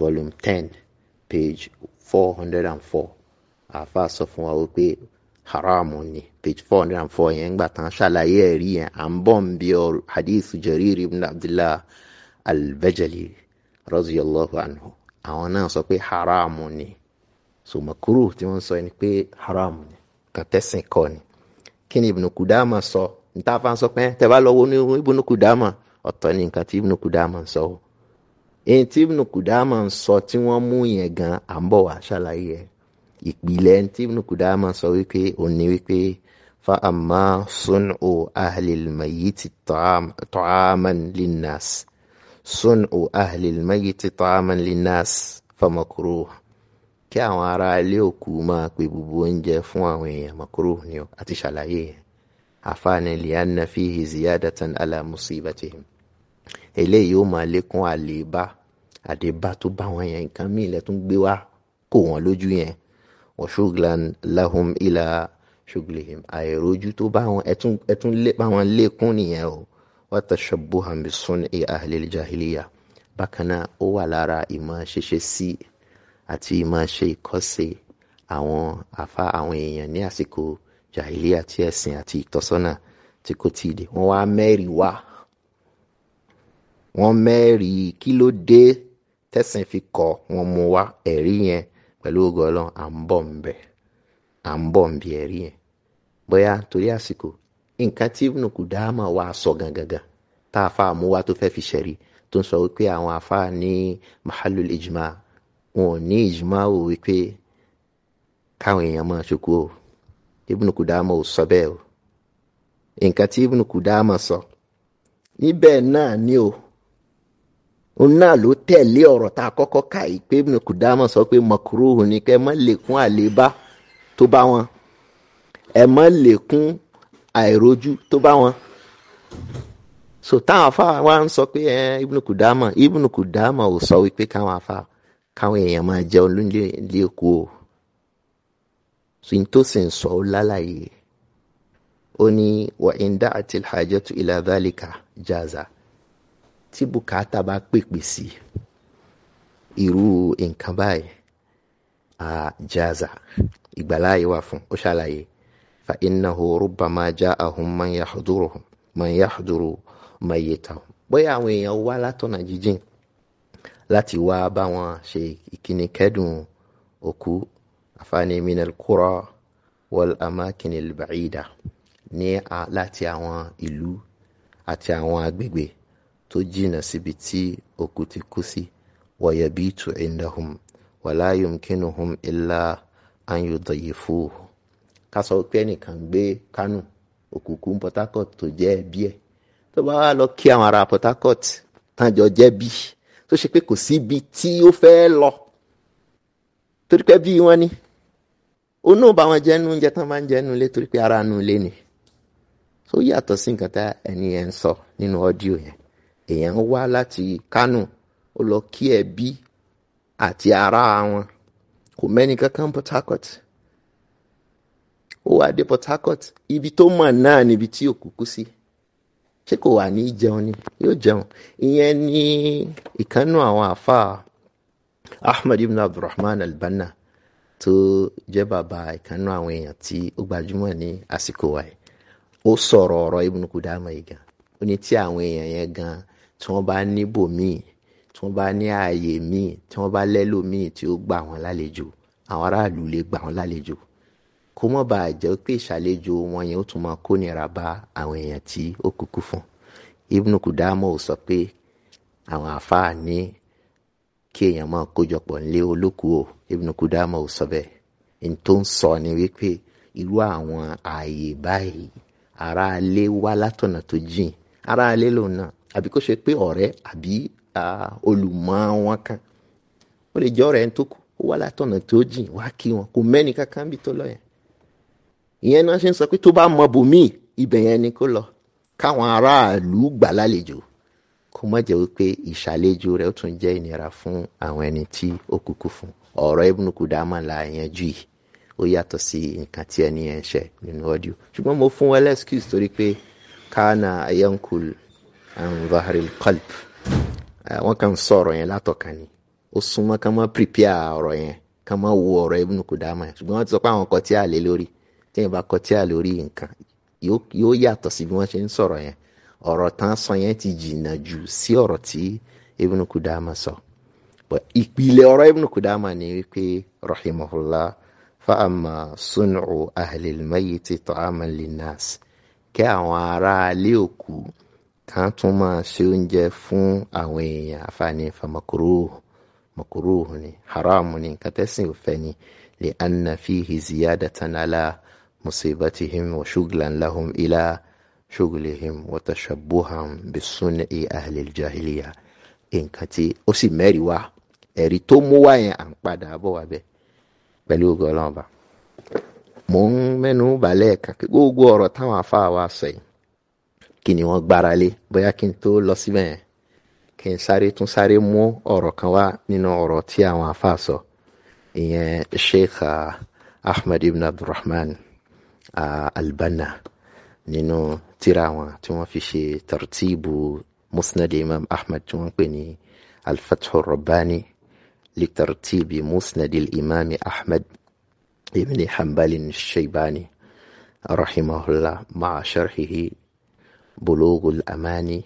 A: volume ten page 404 hundred and four àfa sọ fún wa wípé haramu ni page four hundred and yẹn ńgbà tán ṣàlàyé ẹ̀rí yẹn à ń bọ̀ ń bí ọ̀rọ̀ hadith jeriri ibn Abdullah al-Bajali radiyallahu anhu àwọn náà sọ pé haramu ni so makuru tí wọ́n sọ ni pé haramu ni kàtẹ́sìn kọ́ ni kí ni Ibn Kudama sọ níta fa sọ pé tẹ́ bá lọ wo ní Ibn Kudama ọ̀tọ̀ ni nǹkan tí sọ èyí tí Ibn Kudama ń sọ tí wọ́n mú yẹn gan à ń bọ̀ wá ṣàlàyé ẹ̀ ìpìlẹ̀ tí Ibn Kudama sọ wípé òun ni wípé fa amma sun'u ahlil mayyiti ta'aman linnas sun'u ahlil mayyiti ta'aman linnas fa makruh kí àwọn ará ilé òkú máa pe gbogbo oúnjẹ fún àwọn èèyàn makruh ni ó àti ṣàlàyé yẹn àfáàní li'anna fihi ziyadatan ala musibatihim eléyìí ó máa lékún àlèébá àdébá tó bá wọn yẹn nǹkan míì lẹ́tún gbé wá kò wọ́n lójú yẹn wa shuglan lahum ila shuglihim àìrójú tó bá wọn ẹtún bá wọn lékún nìyẹn o wa tashabbuhan bi sun'i ahli al-jahiliya bákan náà ó wà lára ìmọ̀ ṣeṣe sí àti ìmọ̀ ṣe ìkọ́sẹ̀ àwọn àfa àwọn èèyàn ní àsìkò jahiliya tí ẹ̀sìn àti ìtọ́sọ́nà tí kò tí ì dé wọ́n wá mẹ́rin wá wọ́n mẹ́rìí kí ló dé tẹ̀sán fi kọ́ wọn mú wá ẹ̀rí yẹn pẹ̀lú ògo ọlọ́run à ń bọ̀ ń bẹ̀ à ń bọ̀ ń bí ẹ̀rí yẹn bóyá torí àsìkò nǹkan tí Ibn Qudama wá sọ gangan tá a fa àmúwá tó fẹ́ fi ṣẹ̀rí tó ń sọ wípé àwọn afá ní mahalul ijma wọn ò ní ijma ò wípé káwọn èèyàn máa ṣokú o Ibn Qudama ò sọ bẹ́ẹ̀ o nǹkan tí Ibn Qudama sọ níbẹ̀ náà ni o. So ona náà ló tẹ̀lé ọ̀rọ̀ tá a kọ́kọ́ kà yìí pé sọ pé mọ̀kúrúhù ni kẹ́ mọ́ lè kún tó bá wọn ẹ mọ́ lè kún tó wọn. so táwọn afa wa ń sọ pé Kudama o ò sọ wípé káwọn afa káwọn èèyàn máa jẹun lónílé kú o sọ ó lálàyé o ní wa ati da'atil ila dhalika jaza. tí bùkátà bá pèpè sí irú nǹkan báyìí àjàzà ìgbàláyé wà fún ó ṣàlàyé fa innahu rubbama ja'ahum man yahduruhum man yahduru mayitahum bóyá àwọn èèyàn wá látọ̀nà jíjìn láti wá bá wọn ṣe ìkíni kẹ́dùn òkú àfààní minal qura wal amakinil ba'ida ní láti àwọn ìlú àti àwọn agbègbè tó jìnnà síbi tí òkú ti kú sí wayabitu indahum wala yumkinuhum illa an yudayifuhu ká sọ pé ẹnìkan gbé kánò òkùnkùn port harcourt tó jẹ́ ẹbí ẹ̀ tó bá wá lọ kí àwọn ará port harcourt tánjọ jẹ́ bí tó ṣe pé kò síbi tí ó fẹ́ lọ torí pé bí wọ́n ní onú bá wọn jẹ́ oúnjẹ tán máa ń jẹ́ nu torí pé ara nu ilé ni tó yàtọ̀ sí nǹkan tá ẹni yẹn ń sọ nínú ọ́díò yẹn èèyàn wá láti Kánò ó lọ kí ẹbí àti ará wọn kò mẹ́ni kankan Port Harcourt ó wá dé Port Harcourt ibi tó mọ̀ náà níbi tí òkú kú sí ṣé kò wà ní jẹun ni yóò jẹun ìyẹn ní ìkànnù àwọn àfáà Ahmad ibn Abdulrahman al tó jẹ́ bàbá ìkànnù àwọn èèyàn tí ó gbajúmọ̀ ní àsìkò wáyé ó sọ̀rọ̀ ọ̀rọ̀ Ibn Kudama yìí gan ó ní tí àwọn èèyàn yẹn gan tí wọ́n bá níbòmíì tí wọ́n bá ní ààyè míì tí wọ́n bá lẹ́lòmíì tí ó gbà wọ́n lálejò àwọn aráàlú lè gbà wọ́n lálejò kó mọ̀ bá jẹ́ pé ìṣàlejò wọn yẹn ó tún máa kó nira bá àwọn èèyàn tí ó kúkú fún Ibn Kudama sọ pé àwọn àfáà ní kí èèyàn máa kójọpọ̀ nílé olókùú o Ibn Kudama sọ bẹ́ẹ̀ n tó ń sọ ni wípé irú àwọn ààyè báyìí aráalé wá látọ̀nà tó jìn aráalé lòun náà àbí kó ṣe pé ọ̀rẹ́ àbí olùmọ̀ wọn kan ó lè jẹ́ ọ̀rẹ́ tó kù ó wá látọ̀nà tó jìn wá kí wọn kò mẹ́ni kankan bí tó lọ yẹn ìyẹn náà ṣe ń sọ pé tó bá mọ bòmíì ibẹ̀ yẹn ni kó lọ káwọn aráàlú gbà lálejò kó má jẹ́ wípé ìṣàlejò rẹ̀ ó tún jẹ́ ìnira fún àwọn ẹni tí ó kúkú fún ọ̀rọ̀ Ibn Kudama la yẹn jù yìí ó yàtọ̀ sí nǹkan tí ẹni yẹn ń ṣe nínú ọ́díò ṣùgbọ́n mo fún wọn lẹ́skúùsì torí pé kánà ayankul عن ظهر القلب wakan sọ ọ̀rọ̀ yẹn ni ó súnmọ́ ká má pìrìpìà ọ̀rọ̀ yẹn ká má wo ọ̀rọ̀ Ibn Qudama ṣùgbọ́n wọ́n kwa sọ pé àwọn kọtí àlè lórí tí yẹn bá kọtí àlè lórí nǹkan yóò yàtọ̀ sí bí wọ́n ṣe ń sọ̀rọ̀ yẹn ọ̀rọ̀ tán sọ yẹn ti Ibn Qudama sọ ìpìlẹ̀ ọ̀rọ̀ Ibn Qudama ni wípé rahimahullah fa ká tún máa ṣe oúnjẹ fún àwọn èèyàn àfààní famakuru makuru ni haramu ni nǹkan tẹ́sìn òfẹ́ ni lè anna fihi ziyadatan ala musibatihim wa shuglan lahum ila shugulihim wa tashabbuham bisunni ahli aljahiliya nǹkan tí ó sì mẹ́rin wá ẹ̀rí tó mú wá yẹn à ń padà bọ̀ wá bẹ́ẹ̀ pẹ̀lú ògo ọlọ́run ba mo ń mẹ́nu balẹ̀ kan gbogbo ọ̀rọ̀ táwọn afáwa sọ kí ni wọ́n gbára lé bóyá kí n tó lọ síbẹ̀ yẹn kí n sáré tún sáré mú ọ̀rọ̀ kan wá nínú ọ̀rọ̀ tí àwọn àfáà sọ ìyẹn Sheikh ah, Ahmed ibn Abdulrahman ah, Al-Banna nínú tírà wọn tí wọ́n fi ṣe tartibu musnad Imam Ahmed tí wọ́n pè ní al li tartibi musnad imam Ahmed ibn Hanbal al rahimahullah ma'a sharhihi bùlóògù àmáni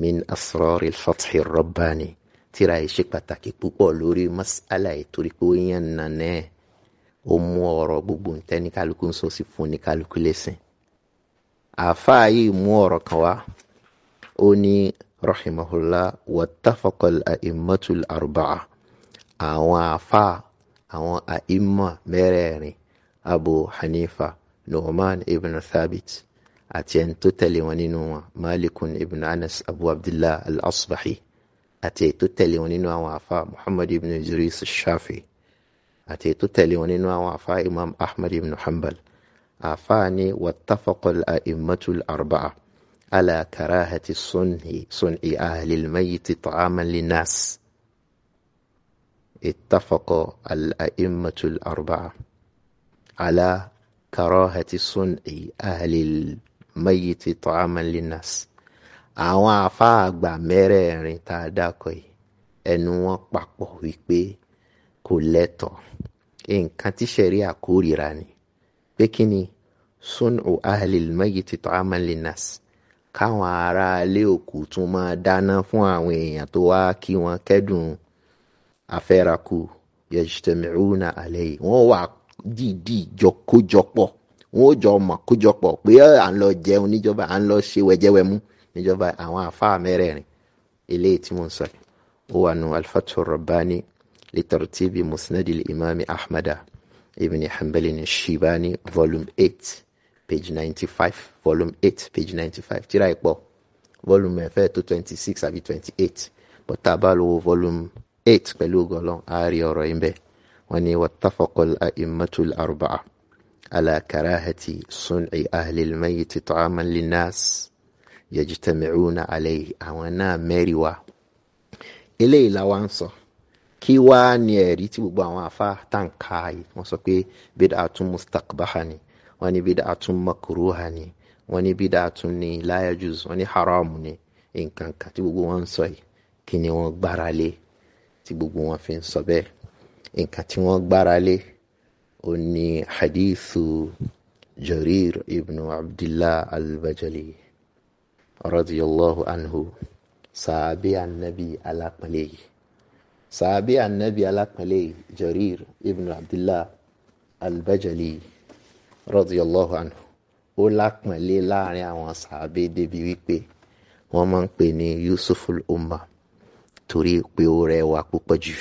A: من asrọ́rì الفتح الرباني. tíra yìí ṣe pàtàkì púpọ̀ lórí masala yìí torí pé ó yàn nànà ẹ̀ ó mú ọ̀rọ̀ gbogbo ntẹ́ ní kálukú ń sọ sí fún ní kálukú lẹ́sìn. àáfàá yìí mú ọ̀rọ̀ kan wá ó ní rahimahullah wattafaqal a'immatul arba'a àwọn àáfàá àwọn a'imma mẹ́rẹ̀ẹ̀rin abu hanifa nu'man ibn thabit. أتينت ونينو مالك ابن أنس أبو عبد الله الأصبحي أتيت ونينو وعفا محمد بن إدريس الشافعي أتيت ونينو وعفا إمام أحمد بن حنبل عفاني واتفق الأئمة الأربعة على كراهة الصنع صنع أهل الميت طعاما للناس اتفق الأئمة الأربعة على كراهة صنع أهل mẹ́yìtì ta'aman linnas àwọn àáfàá àgbà mẹ́rẹ̀ẹ̀rin tá a dákọ̀ yìí ẹnu wọn papọ̀ wípé kò lẹ́tọ̀ nǹkan tí ṣẹ̀rí àkórìíra ni pé kí ni sun'u ahlil mẹ́yìtì ta'aman linnas káwọn ará ilé òkú tún máa dáná fún àwọn èèyàn tó wá kí wọn kẹ́dùn afẹ́rakù yajtami'una alayhi wọ́n wà dídì jọ kójọpọ̀ wọn ò jọ mọ̀ kójọpọ̀ pé à ń lọ jẹun níjọba à ń lọ ṣe wẹjẹwẹmú níjọba àwọn àfáà mẹ́rẹ̀ẹ̀rin eléyìí tí mo ń sọ ó wà nù alfatu rabbani litartibi musnadil imami ahmada ibn hanbalin shibani volume eight page ninety five volume eight page ninety five tíra ìpọ volume ẹ̀fẹ́ tó twenty six àbí twenty eight bọ́tà bá lówó volume eight pẹ̀lú ọgọ́lọ́ àárí ọ̀rọ̀ yìí bẹ́ẹ̀ wọ́n ní wattafaqal a'immatul arba'a. على كراهة صنع أهل الميت طعاما للناس يجتمعون عليه أوانا ميروا إلي لوانصر kí wá ní ẹ̀rí tí gbogbo àwọn afá tàǹkà yìí wọ́n sọ pé bídà àtún mustaqbaha ni wọ́n ní bídà àtún makruha ni wọ́n ní bídà àtún ní la yajuz wọ́n ní haramu ni nǹkan kan tí gbogbo wọn ń sọ yìí kí ni wọ́n gbára lé tí gbogbo wọn fi ń sọ bẹ́ẹ̀ nǹkan tí wọ́n gbára lé ó ní hadithu jarir ibn abdullah albajali radiyallahu anhu sàábí anabi alápẹ̀lẹ̀ yìí sàábí anabi alápẹ̀lẹ̀ yìí jarir ibn abdullah albajali radiyallahu anhu ó lápọ̀nlé láàrin àwọn sàábé débi wípé wọ́n máa ń pè ní yusuf al-umma torí pé ó rẹwà púpọ̀ jù.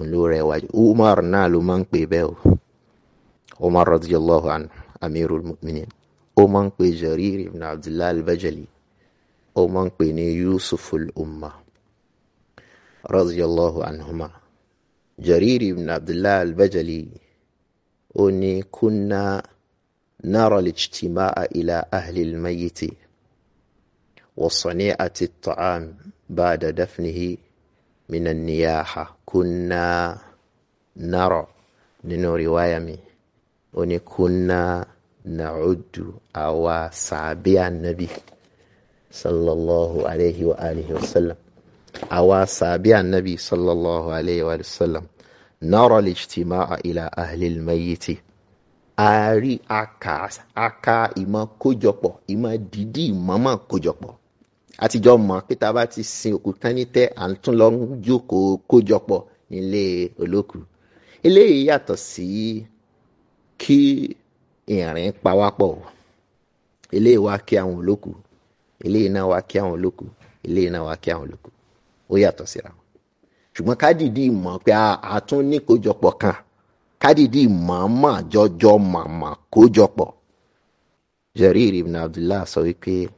A: olórí ẹwàjú umar náà ló máa ń pè bẹ́ẹ̀ o umar radiyallahu anhu amirul mu'minin ó máa ń pè jarir ibn abdullah al-bajali ó máa ń pè ní yusuf al-umma radiyallahu anhuma jarir ibn abdullah al-bajali ó ní kunna nara al-ijtima'a ila ahli al-mayyiti wa sani'ati at-ta'am ba'da dafnihi min an-niyaha kunna narọ nínú riwaya mi ó ní kunna naudu àwa sàbí ànábì sallallahu alayhi wa alihi wa sallam àwa sàbí ànábì sallallahu alayhi wa sallam narọ lijtimaa ila ahli almayiti a rí aka ìmọ̀ kójọpọ̀ ìmọ̀ dídí ìmọ̀ kójọpọ̀ àtijọ́ mọ̀ pé tá a bá ti sin òkú tán ní tẹ́ à ń tún lọ ń jókòó kójọpọ̀ nílé olókù eléyìí yàtọ̀ sí kí ìrìn pa wá pọ̀ eléyìí wá kí àwọn olókù eléyìí náà wá kí àwọn olókù eléyìí náà wá kí àwọn olókù ó yàtọ̀ síra wọn ṣùgbọ́n ká mọ̀ pé a ní kójọpọ̀ kan ká dìídì màmá jọjọ màmá kójọpọ̀ Jarir ibn Abdullah sọ wípé. So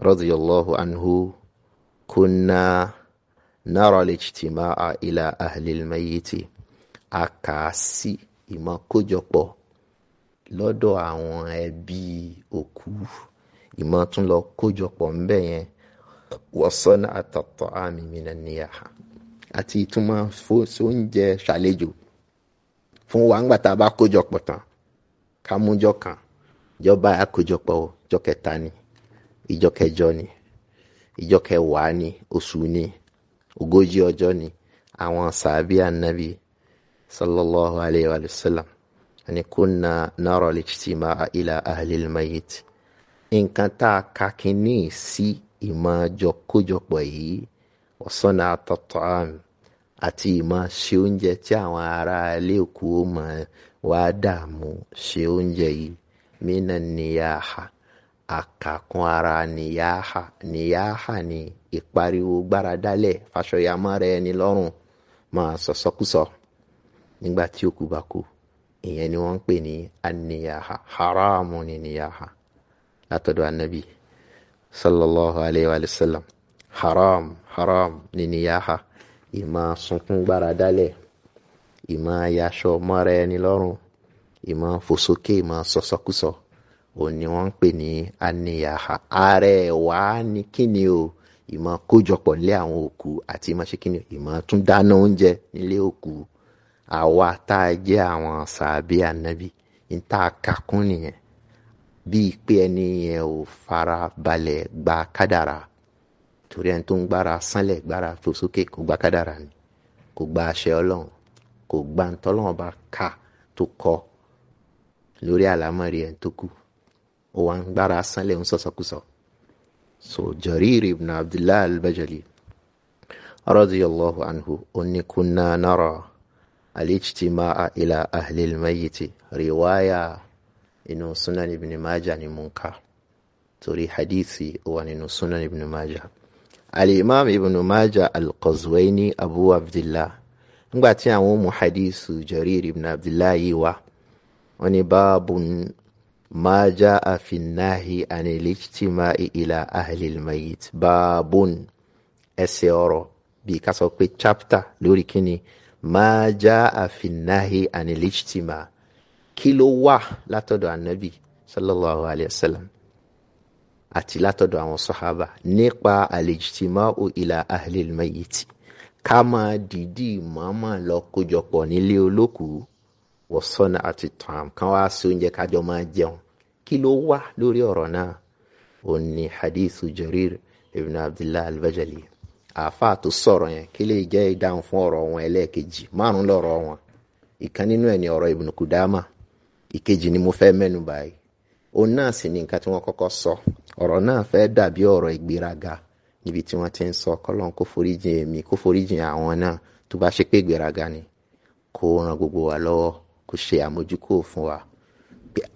A: رضي الله عنه كنا نرى الاجتماع إلى أهل الميت أكاسي إما كجوكو lọ́dọ̀ àwọn ẹbí òkú ìmọ̀ tún lọ kójọpọ̀ ńbẹ̀ yẹn wọ́sọ́nà àtọ̀tọ̀ àmì mìíràn níyàhà àti ìtumọ̀ oúnjẹ ṣàlejò fún wa ńgbà bá kójọpọ̀ tán ká kan ìjọba àkójọpọ̀ jọ ni ìjọ kẹjọ ni ìjọ kẹwàá ni oṣù ni ogójì ọjọ́ ni àwọn sàábí ànábì sallallahu alayhi wa sallam ani kunna nara lijtima ila ahli almayit nǹkan tá a ka kínní sí ìmọ̀ jọ kójọpọ̀ yìí ọ̀sán àtọ̀tọ̀m àti ìmọ̀ ṣe oúnjẹ tí àwọn ará ilé òkú ó mọ̀ wá dààmú ṣe oúnjẹ yìí mí níyà ha àkàkùn ara nìyáhà nìyáhà ni ìpariwo gbáradálẹ̀ fàṣọyàmọ́ rẹ ẹni lọ́rùn máa sọ̀sọ́kùsọ nígbà tí òkú bá kú ìyẹn ni wọ́n ń pè ní aniyaha haramu ni niyaha látọ̀dọ̀ anabi sallallahu alayhi wa sallam haram haram ni niyaha ìmọ̀ sunkún gbáradálẹ̀ ìmọ̀ ayaṣọ mọ́ra ẹni lọ́rùn ìmọ̀ fòsókè ìmọ̀ sọ̀sọ́kùsọ. So, so, òun ni wọ́n ń pè ní aniyaha ààrẹ wa ni kí ni o ìmọ̀ kójọpọ̀ nílé àwọn òkú àti ìmọ̀ ṣe kí ìmọ̀ tún dáná oúnjẹ nílé òkú àwa tá a jẹ́ àwọn sàbí ànábì ní tá a kakún nìyẹn bíi pé ẹni yẹn ò fara balẹ̀ gba kádàrà torí ẹni tó ń gbára sánlẹ̀ gbára tó sókè kò gba kádàrà ni kò gba àṣẹ ọlọ́run kò gba ntọ́lọ́run bá kà tó kọ lórí àlámọ̀rí ẹni tó kù ó wá ń gbára sánlẹ̀ ń sọ̀sọ̀kúsọ. so Jarir ibn Abdullah al-Bajali radiyallahu anhu ó ní kunna nara al-ijtima'a ila ahli al-mayyiti riwaya inú sunan ibn Majah ni munka torí hadithi ó wà sunan ibn Majah al-imam ibn Majah al-Qazwaini abu abdillah ngbàtí àwọn mu Jarir ibn Abdullah yìí wá wọ́n ما جاء في النهي عن الاجتماع إلى أهل الميت باب أسيرو bí ká sọ pé chapter lórí kíni máa já àfinnáhi ànilijtima kí ló wà látọ̀dọ̀ ànábì sallallahu alayhi wa sallam àti látọ̀dọ̀ àwọn sọ́hábà nípa àlejìtìmá ò ilà ahlil mayiti ká máa dìídì màmá lọ kójọpọ̀ nílé olókùú wọ̀sánà àti tàn kán wá sí oúnjẹ kájọ máa jẹun kí ló wà lórí ọ̀rọ̀ náà ó ní hadithu jarir ibn abdullah al-bajali àáfà tó sọ̀rọ̀ yẹn kí lè jẹ́ ìdáhùn fún ọ̀rọ̀ wọn ẹlẹ́ẹ̀kejì márùn lọ́rọ̀ wọn ìkan nínú ẹ̀ ní ọ̀rọ̀ ibn kudama ìkejì ni mo fẹ́ mẹ́nu báyìí òun náà sì ni nǹkan tí wọ́n kọ́kọ́ sọ ọ̀rọ̀ náà fẹ́ dàbí ọ̀rọ̀ ìgbéraga níbi tí wọ́n ti ń sọ kọ́lọ́n kó foríjìn èmi kó foríjìn àwọn náà tó bá ṣe pé ìgbéraga ni kó ran gbogbo wa lọ́wọ́ kó ṣe àmójúkò fún wa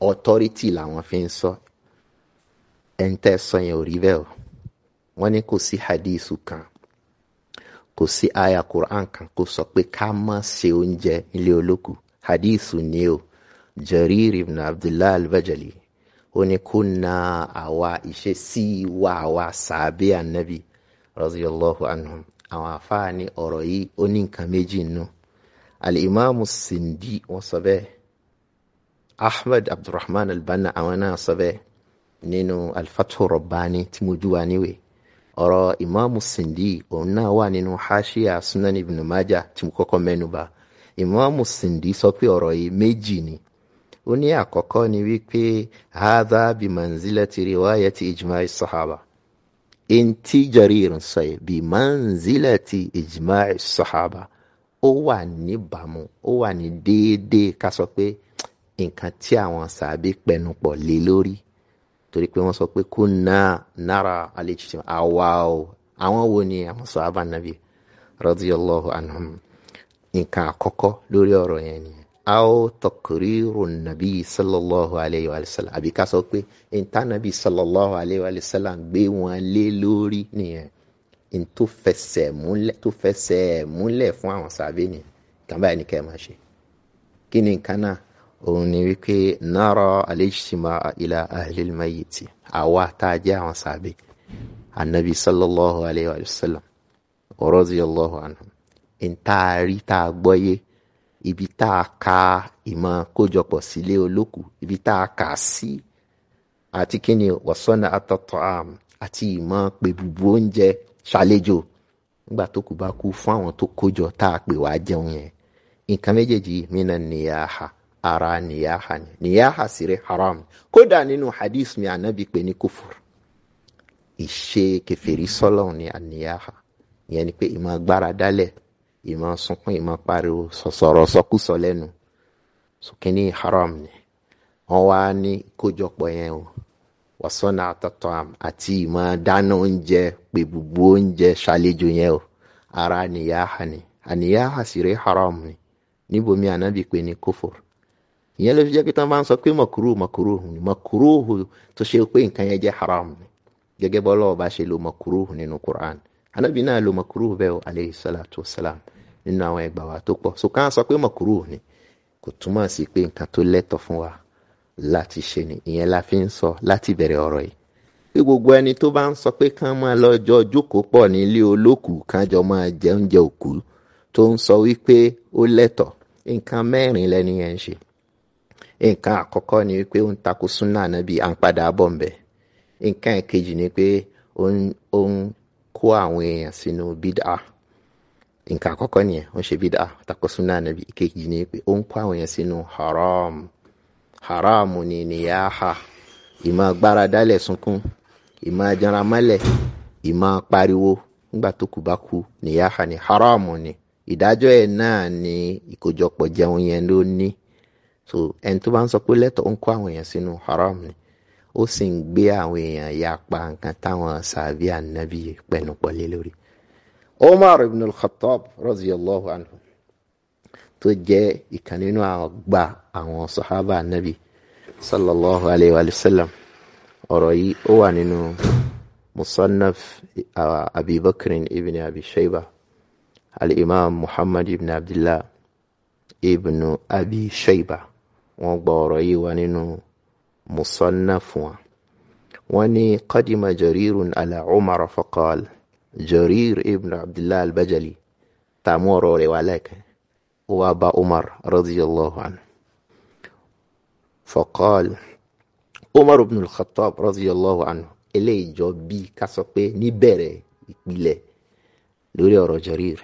A: authority làwọn fi ń sọ ẹni tẹ́ sọ yẹn ò bẹ́ẹ̀ o wọ́n ní kò sí hadith kan kò sí aya Quran kan kó sọ pé ká má se oúnjẹ nílé olókù hadith ni o Jarir ibn Abdullah al-Bajali ó ní kunna àwa ìṣesí wa àwa sàbẹ́ ànábì radiyallahu anhum àwọn àfáà ní ọ̀rọ̀ yìí ó ní nǹkan méjì nù al-Imam as-Sindi wọ́n sọ bẹ́ẹ̀. ahmed abdulrahman albana àwọn náà sọ bẹ́ẹ̀ nínú alfatu rabbani tí mo jù wá níwèé ọ̀rọ̀ ìmáàmù sindi òun náà wà nínú hashiya sunan ibn majah tí mo kọ́kọ́ mẹ́nuba ìmáàmù sindi sọ pé ọ̀rọ̀ yìí méjì ni ó ní àkọ́kọ́ ni wípé hadha bimanzilati riwayati ijma'i sahaba ntí jarir sọ bimanzilati ijma'i sahaba ó wà níbàámu ó wà ní déédéé ká sọ pé nǹkan tí àwọn sàbí pẹnupọ̀ lé lórí torí pé wọ́n sọ pé kunna nara al-ijtima àwa o àwọn wo ni àwọn sàhábà nàbì radiyallahu anhum nǹkan àkọ́kọ́ lórí ọ̀rọ̀ yẹn ni aw takriru nàbí sallallahu alayhi wa sallam àbí ká sọ pé ìta nàbí sallallahu alayhi wa sallam gbé wọn lé lórí nìyẹn n tó fẹsẹ̀ múlẹ̀ tó fẹsẹ̀ múlẹ̀ fún àwọn sàbẹ̀ nìyẹn kàn báyìí ni kẹ́ ẹ máa ṣe kí ni nǹkan náà òun ni wípé nara alejima ila ahlil mayiti àwa tá a jẹ́ àwọn anabi sallallahu alayhi wa sallam radiyallahu anhum n tá a rí ibi ta ka ima kójọpọ̀ sile oloko ibi ta ka si ati kini kí ni am ati ima àti ìmọ̀ pé bùbù oúnjẹ ṣàlejò nígbà tó kù bá kú fún àwọn tó kójọ tá a pè wá jẹun yẹn nǹkan méjèèjì mí náà nìyà ha. ara niyaha ni niyaha sì rẹ̀ haram kódà nínú hadith mi ànábì pé ní kúfùr ìṣe kẹfẹ́rí sọ́lọ́hún ni àníyáha ìyẹn ni pé ìmọ̀ agbára dálẹ̀ ìmọ̀ sunkún ìmọ̀ pariwo sọ̀sọ̀rọ̀ sọkúsọ lẹ́nu sókè ní haram ni wọ́n wá ní kójọpọ̀ yẹn o wàsánà àtọ̀tọ̀ àti ìmọ̀ dáná oúnjẹ pé gbogbo oúnjẹ ṣàlejò yẹn o ara àníyáha ni àníyáha sì rẹ̀ haram ni níbo mi ànábì pé ní kúfùr ìyẹn ló fi jẹ́ pé tán bá ń sọ pé mọ̀kúrò mọ̀kúrò ni mọ̀kúrò tó ṣe pé nǹkan yẹn jẹ́ haram ni gẹ́gẹ́ bọ́ lọ́wọ́ bá ṣe lo mọ̀kúrò nínú Qur'an anábì náà lo mọ̀kúrò bẹ́ẹ̀ o aleyhi salatu wasalam nínú àwọn ẹgbà wa tó pọ̀ so ká sọ pé mọ̀kúrò ni kò túmọ̀ sí pé nǹkan tó lẹ́tọ̀ fún wa láti ṣe ni ìyẹn la fi ń sọ láti bẹ̀rẹ̀ ọ̀rọ̀ yìí pé gbogbo ẹni tó bá ń sọ pé kán máa lọ jọ jókòó pọ̀ ní olókù kán jọ máa jẹ oúnjẹ òkú tó ń sọ wípé ó lẹ́tọ̀ nǹkan mẹ́rin lẹ́ni yẹn ń ṣe nkan akọkọ ni pé ó ń takò súnà nàbí à ń padà bọ̀ mbẹ̀ nǹkan ìkejì ni pé ó ń kó àwọn èèyàn sínú bídà nǹkan àkọ́kọ́ nìyẹn ó ń ṣe bídà takò súnà nàbí ìkejì ni pé ó ń kó àwọn èèyàn sínú haram haram ni nìyáha ìmọ̀ gbára dálẹ̀ sunkún ìmọ̀ jẹran mọ́lẹ̀ ìmọ̀ pariwo nígbà tó kù bá kú nìyáha ni haram ni ìdájọ́ ẹ̀ náà ni ìkójọpọ̀ jẹun yẹn ló ní. so ẹni tó bá ń sọ pé lẹ́tọ̀ ó ń kó àwọn èèyàn sínú haram ni ó sì ń gbé àwọn èèyàn ya pa nǹkan táwọn sàbí ànábì pẹnupọ̀ lé lórí. Umar ibn al-Khattab radiyallahu anhu tó jẹ́ ìkan nínú àgbà àwọn sahaba ànábì sallallahu alayhi wa sallam ọ̀rọ̀ yìí ó wà nínú musannaf Abi ibn Abi al-Imam Muhammad ibn Abdullah ibn Abi wọ́n gba ọ̀rọ̀ yìí wá nínú musannaf wa wọ́n ní qadima jarirun ala umar faqal jarir ibn abdullah albajali tààmú ọ̀rọ̀ rẹ̀ wá lẹ́ẹ̀kan ó wá bá umar radiyallahu anhu faqal umar ibn al-khattab radiyallahu anhu eléyìí jọ bí ká sọ pé níbẹ̀rẹ̀ ìpìlẹ̀ lórí ọ̀rọ̀ jarir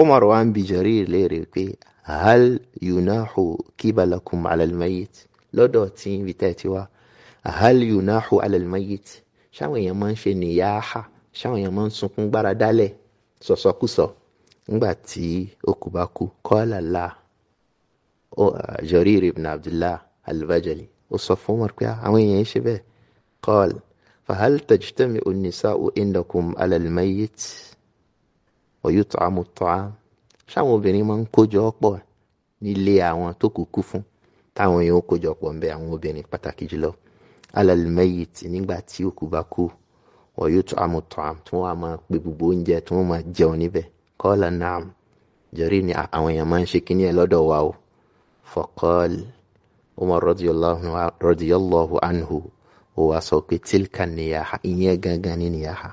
A: umar wá ń bi jarir léèrè pé هل يناح كبلكم على الميت لو دوتين بتاتوا هل يناح على الميت شاو يمان شنياحا شاو دالي سو سو كو سو نباتي باكو قال الله أو جرير بن عبد الله البجلي وصفو مركيا عوين يعيش به قال فهل تجتمع النساء عندكم على الميت ويطعم الطعام sáwọn obìnrin máa ń kójọ pọ̀ nílé àwọn tó kúkú fún táwọn èèyàn kójọ pọ̀ ń bẹ àwọn obìnrin pàtàkì jùlọ alal mayit nígbà tí òkú bá kú wọ́n yóò tún amútọ́ àm tí wọ́n á máa pe gbogbo oúnjẹ tí wọ́n máa jẹun níbẹ̀ kọ́ọ̀lá naam jẹ́rí ni àwọn èèyàn máa ń ṣe kíní ẹ̀ lọ́dọ̀ wa o fọ́kọ́l Umar radiyallahu anhu ó wá sọ pé tilka niyaha ìyẹn gangan ni niyaha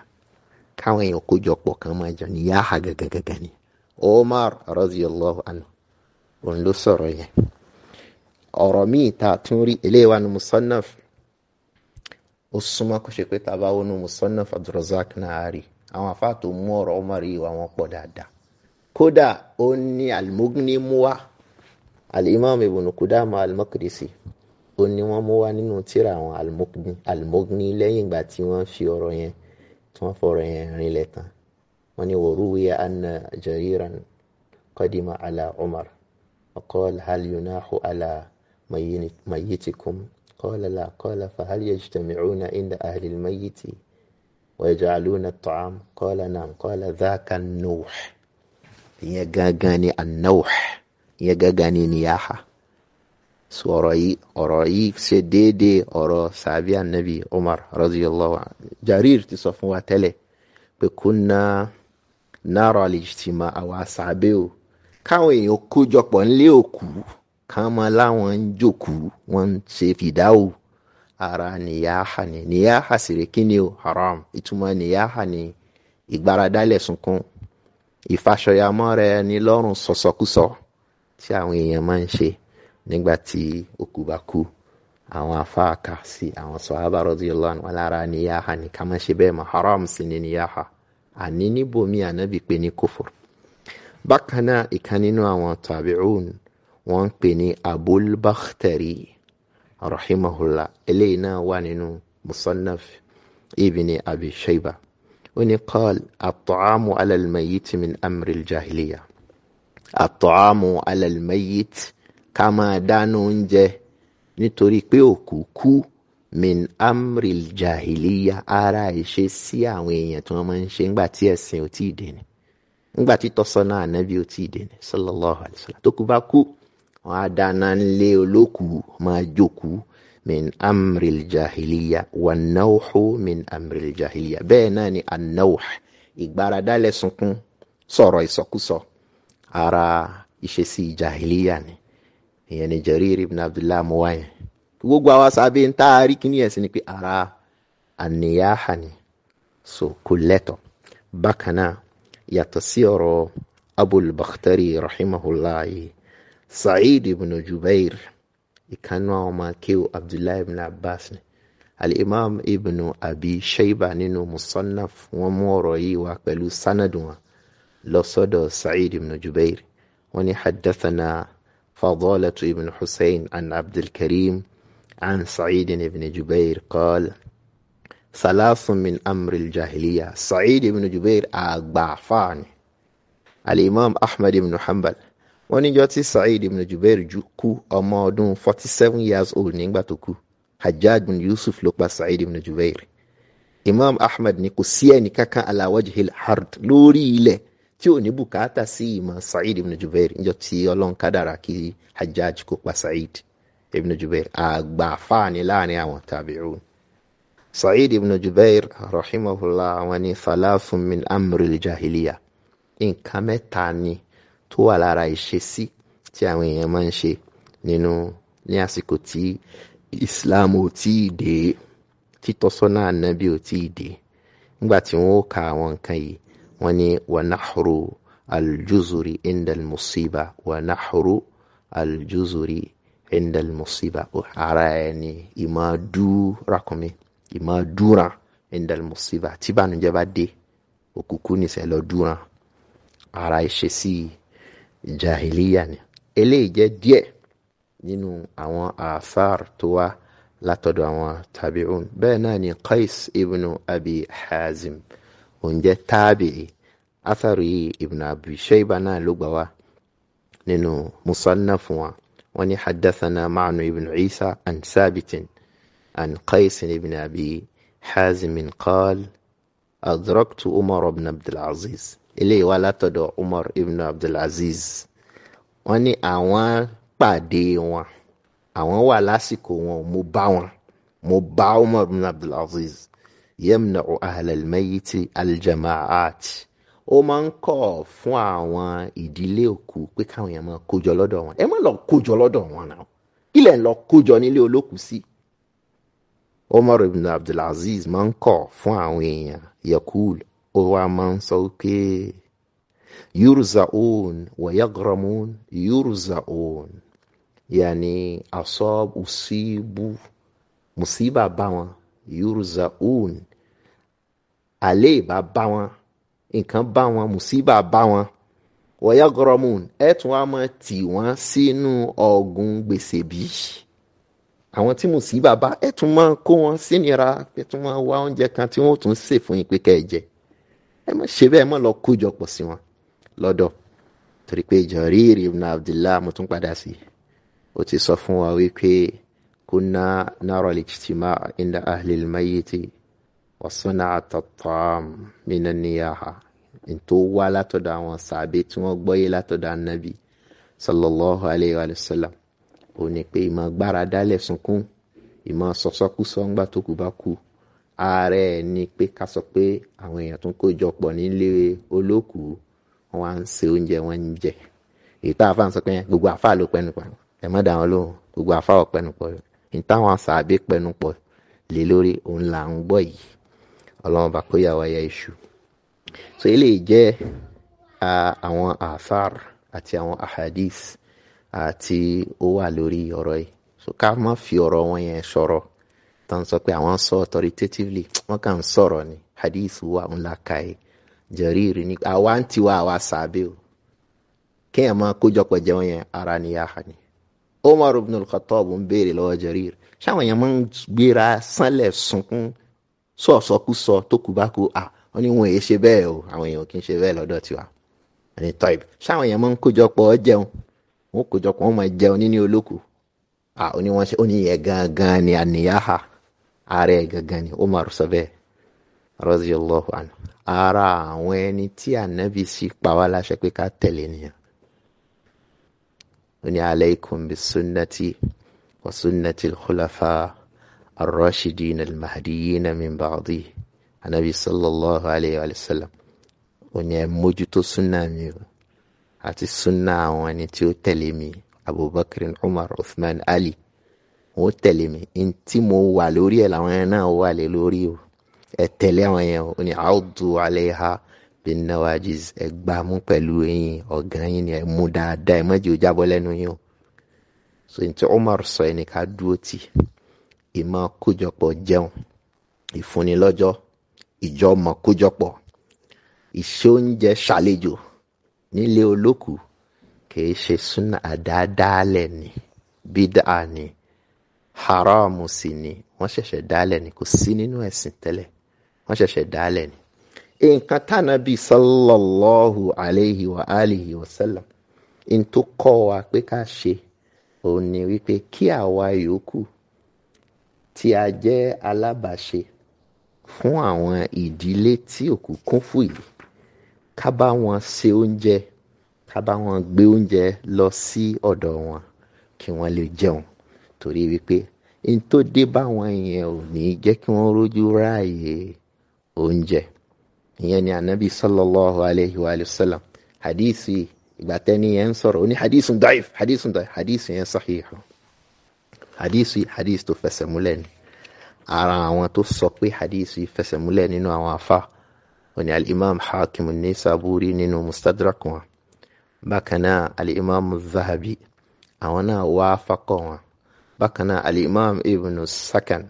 A: káwọn èèyàn kójọ pọ̀ kan máa jẹun niyaha gangan gangan ni. Omar radiyallahu anhu òun ló sọ̀rọ̀ yẹn ọ̀rọ̀ míì ta tún rí eléyìí wà ní musannaf ó súnmọ́ kó ṣe pé ta bá wọnú musannaf abdulrasaq náà rí àwọn afá tó mú ọ̀rọ̀ Omar yìí wà wọ́n pọ̀ dáadáa kódà ó ní al-Mughni mú wá al-Imam Ibn ó ní wọ́n mú wá nínú tírà àwọn al lẹ́yìn ìgbà tí wọ́n fi ọ̀rọ̀ yẹn tí wọ́n fọ̀rọ̀ yẹn rinlẹ̀ tán يعني وروي أن جريرا قدم على عمر وقال هل يناح على ميتكم قال لا قال فهل يجتمعون عند أهل الميت ويجعلون الطعام قال نعم قال ذاك النوح يجاجاني النوح يجاجاني نياحة سوري yìí سديدي yìí سعبي النبي عمر رضي الله عنه جرير anhu تلي بكنا náírà lè ti mọ àwa sàbẹ̀ o káwọn èèyàn kójọpọ̀ ńlé òkú kàn mọ́ láwọn ń jòkú wọ́n ń ṣe fìdáwò ara nìyáhà ni nìyáhà sì rè kí ni o haram ìtumọ̀ nìyáhà ni ìgbáradálẹ̀ sunkún ìfàṣọyàmọ́ rẹ ní lọ́rùn sọ̀sọ̀kúsọ tí àwọn èèyàn máa ń ṣe nígbà tí òkú bá kú àwọn afáàkà sí àwọn sọ̀hábà radiyallahu anhu lára nìyáhà ni ká má ṣe bẹ́ẹ̀ mọ́ haram sí ni nìyáhà àní níbòmí ànábì pè ní kófòrò bákan náà ìkan nínú àwọn tàbíùn wọ́n ń pè ní Abul Bakhtari rahimahullah eléyìí náà wà nínú musannaf ibn Abi Shayba ó ní qal at-ta'amu min amri jahiliya at-ta'amu ká máa dáná oúnjẹ nítorí pé òkú kú min amril jahiliya ara ìṣe sí àwọn èèyàn tí wọ́n máa ń ṣe ńgbà tí ẹ̀sìn ò tí ì dé ni ńgbà tí tọ́sọ́nà ànábì ò tí ì dé ni sallallahu alayhi wa sallam tó kú bá kú wọ́n á dáná lé olókù máa jókù min amril jahiliya wa nawhu min amril jahiliya bẹ́ẹ̀ náà ni anawh ìgbáradálẹ̀ sunkún sọ̀rọ̀ ìsọkúsọ ara ìṣesí jahiliya ni ìyẹn ni Jarir ibn Abdullah muwayan gbogbo àwa sábẹ́ ń tá a rí kíní ẹ̀sìn ni pé ara àníyáhà ni so kò lẹ́tọ̀ bákan náà yàtọ̀ sí ọ̀rọ̀ abul bakhtari rahimahullahi sa'id ibn jubair ìkànnú àwọn ọmọ akéwò abdullahi ibn abbas ni al ibn abi shayba nínú musannaf wọn mú ọ̀rọ̀ yìí wá pẹ̀lú sanadu wọn lọ sọ́dọ̀ sa'id ibn jubair wọn ni haddathana fadolatu ibn hussein an abdulkarim. عن سعيد بن جبير قال ثلاث من أمر الجاهلية سعيد بن جبير أغبعفان الإمام أحمد بن حنبل wọ́n níjọ́ tí Sa'id ibn Jubair ju kú ọmọ ọdún forty seven years old nígbà tó kú Hajjaj bin Yusuf ló pa Sa'id ibn Jubair Imam Ahmed ní kò sí ẹnì kankan ala wajhil hard lórí ilẹ̀ tí ò ní bùkátà sí ìmọ̀ Sa'id ibn Jubair níjọ́ tí Ọlọ́run kádàrá kí Hajjaj kó pa Sa'id ibn jubair àgbà fáàní láàrin àwọn tabi'un sa'id ibn jubair rahimahullah àwọn ni falafun min amril jahiliya nǹkan mẹ́ta ni tó wà lára ìṣesí tí àwọn èèyàn máa ń ṣe nínú ní àsìkò tí islam ò tí ì dé títọ́sọ́nà ànábì ò tí ì dé nígbà tí wọ́n ó ka àwọn nǹkan yìí wọ́n ní wanahru aljuzuri indal musiba wanahru aljuzuri endal musiba ara ẹni ìmọ̀ dúra kan mi ìmọ̀ dúra endal musiba tí ìbànújẹ́ bá dé òkùnkùn nìṣẹ́ lọ dúra ara ìṣesí jahiliya ni eléyìí jẹ́ díẹ̀ nínú àwọn àfáàr tó wá látọ̀dọ̀ àwọn tabi'un bẹ́ẹ̀ náà ni qais ibn abi hazim oúnjẹ tábìí atharu ibn abi shayba náà ló gbà wá nínú musannafu wọn. وني حدثنا معن بن عيسى عن ثابت عن قيس بن أبي حازم قال أدركت عمر بن عبد العزيز إليه ولا تدع عمر بن عبد العزيز وني أوان pàdé wọn àwọn wà lásìkò wọn mo bá wọn mo bá Umar bin Abdul Aziz ó máa ń kọ̀ fún àwọn ìdílé òkú pé káwọn èèyàn máa kójọ lọ́dọ̀ wọn ẹ má lọ kójọ lọ́dọ̀ wọn náà ilẹ̀ ń lọ kójọ nílé olókù sí. Omar ibn Abdulaziz máa ń kọ̀ fún àwọn èèyàn yakul ó wá máa ń sọ pé yurzaun wa yagramun yurzaun yàní asọ́b usibu musiba bá wọn yurzaun àléèbá bá wọn nǹkan bá wọn mùsíbà bá wọn wọ́yá gọ́rọ́mùn ẹ̀ tún wá mọ̀ tì wọ́n sínú ọ̀gùn gbèsè bí àwọn tí mùsíbà bá ẹ̀ tún máa kó wọn sínira ẹ̀ tún máa wá oúnjẹ kan tí wọ́n tún sè fún yín pé kẹ́ ẹ jẹ ṣe bẹ́ẹ̀ mọ́ lọ kójọpọ̀ sí wọn lọ́dọ̀ torí pé Jarir ibn Abdillah mo tún padà sí ó ti sọ fún wa wípé kunna nara al-ijtima' inda ahli al-mayyiti. وصنعة الطعام من النياحة انتو ولا تدع وصعبي تنوبي لا تدع النبي صلى الله عليه وآله وسلم òní pé ìmọ̀ gbára dálẹ̀ sunkún ìmọ̀ sọ̀sọ́kúsọ ńgbà tó kù bá kú ààrẹ ni pé ká sọ pé àwọn èèyàn tó ń kó jọ pọ̀ nílé olóòkú wọn wá ń se oúnjẹ wọn ń jẹ ìta àfa sọ pé gbogbo àfa ló pẹnu pọ̀ ẹ má dá lóhùn gbogbo àfa ò pẹnu pọ̀ ìta àwọn sàbí pẹnu pọ̀ lé lórí òun là ń gbọ́ yìí ọlọ́run bá kó yà ya iṣu so eléyìí jẹ́ àwọn àfàr àti àwọn ahadis àti ó wà lórí ọ̀rọ̀ yìí so ká má fi ọ̀rọ̀ wọn yẹn sọ̀rọ̀ tó ń sọ pé àwọn sọ authoritatively wọ́n kàn sọ̀rọ̀ ni hadith wà ń la ka yìí jẹ̀rìírì ni àwa ń tiwa àwa sàbẹ̀ o kéèyàn máa kójọpọ̀ jẹun yẹn ara ni yá ha ni Umar ibn al-Khattab ń béèrè lọ́wọ́ jẹ̀rìírì ṣáwọn yẹn máa ń gbéra sánlẹ̀ sunkún sọ sọkúsọ tó kù bá kú à wọn ní wọn èyí ṣe bẹ́ẹ̀ o àwọn èèyàn kì í ṣe bẹ́ẹ̀ lọ́dọ̀ tiwa ẹni tọ́ ibi ṣáwọn èèyàn máa ń kójọpọ̀ jẹun wọn kójọpọ̀ wọn máa jẹun níní olóku à oní wọn ṣe ó ní ìyẹn gangan ni àníyáha ààrẹ gangan ni Umar sọ bẹ́ẹ̀ radiyallahu anhu ara àwọn ẹni tí ànábì sì pa wá láṣẹ pé ká tẹ̀lé nìyẹn ó ní alaykum bisunnati wa sunnati al-khulafa. الراشدين المahdiyin min ba'di anabi sallallahu alayhi wa sallam onye mójútó súnà mi o àti súnà àwọn ẹni tí ó tẹ̀lé mi abubakar umar uthman ali wọ́n tẹ̀lé mi n tí mo wà lórí ẹ̀ làwọn yẹn náà wà lé lórí o ẹ tẹ̀lé àwọn yẹn o ní àwùjọ alayha bin nawajiz ẹ gbá mú pẹ̀lú eyín ọ̀gán yín ni ẹ mú dáadáa ẹ má jẹ́ ó jábọ́ lẹ́nu yín o so n tí umar sọ ẹ ní ká ìmọ̀ kójọpọ̀ jẹun ìfúnni lọ́jọ́ ìjọmọ̀ kójọpọ̀ ìṣe oúnjẹ ṣàlejò nílé olókù kìí ṣe súnà àdáadáalẹ̀ ni bídà ni haramu sì ni wọ́n ṣẹ̀ṣẹ̀ dálẹ̀ ni kò sí nínú ẹ̀sìn tẹ́lẹ̀ wọ́n ṣẹ̀ṣẹ̀ dálẹ̀ ni. nǹkan tánàbí sallallahu alayhi wa alihi wa sallam n tó kọ́ wa pé ká ṣe òun ni wípé kí àwa yòókù tí a jẹ́ alábàáṣe fún àwọn ìdílé tí òkú kún fún yìí ká bá wọn ṣe oúnjẹ ká bá wọn gbé oúnjẹ lọ sí ọ̀dọ̀ wọn kí wọ́n lè jẹun torí wípé n tó dé báwọn yẹn ò ní jẹ́ kí wọ́n rójú ráàyè oúnjẹ ìyẹn ni anabi sallallahu alayhi wa sallam hadisi ìgbà tẹ́ni yẹn ń sọ̀rọ̀ ó ní hadisi daif hadisi daif hadisi yẹn sahihu hadisi hadisi tó fẹsẹ̀ múlẹ̀ ni ara àwọn tó sọ pé hadisi fẹsẹ̀ múlẹ̀ nínú àwọn afa òní al-imam hakim ní saburi nínú mustadrak wọn bákan náà al-imam zahabi àwọn náà wá fakọ wọn bákan náà al-imam ibn sakan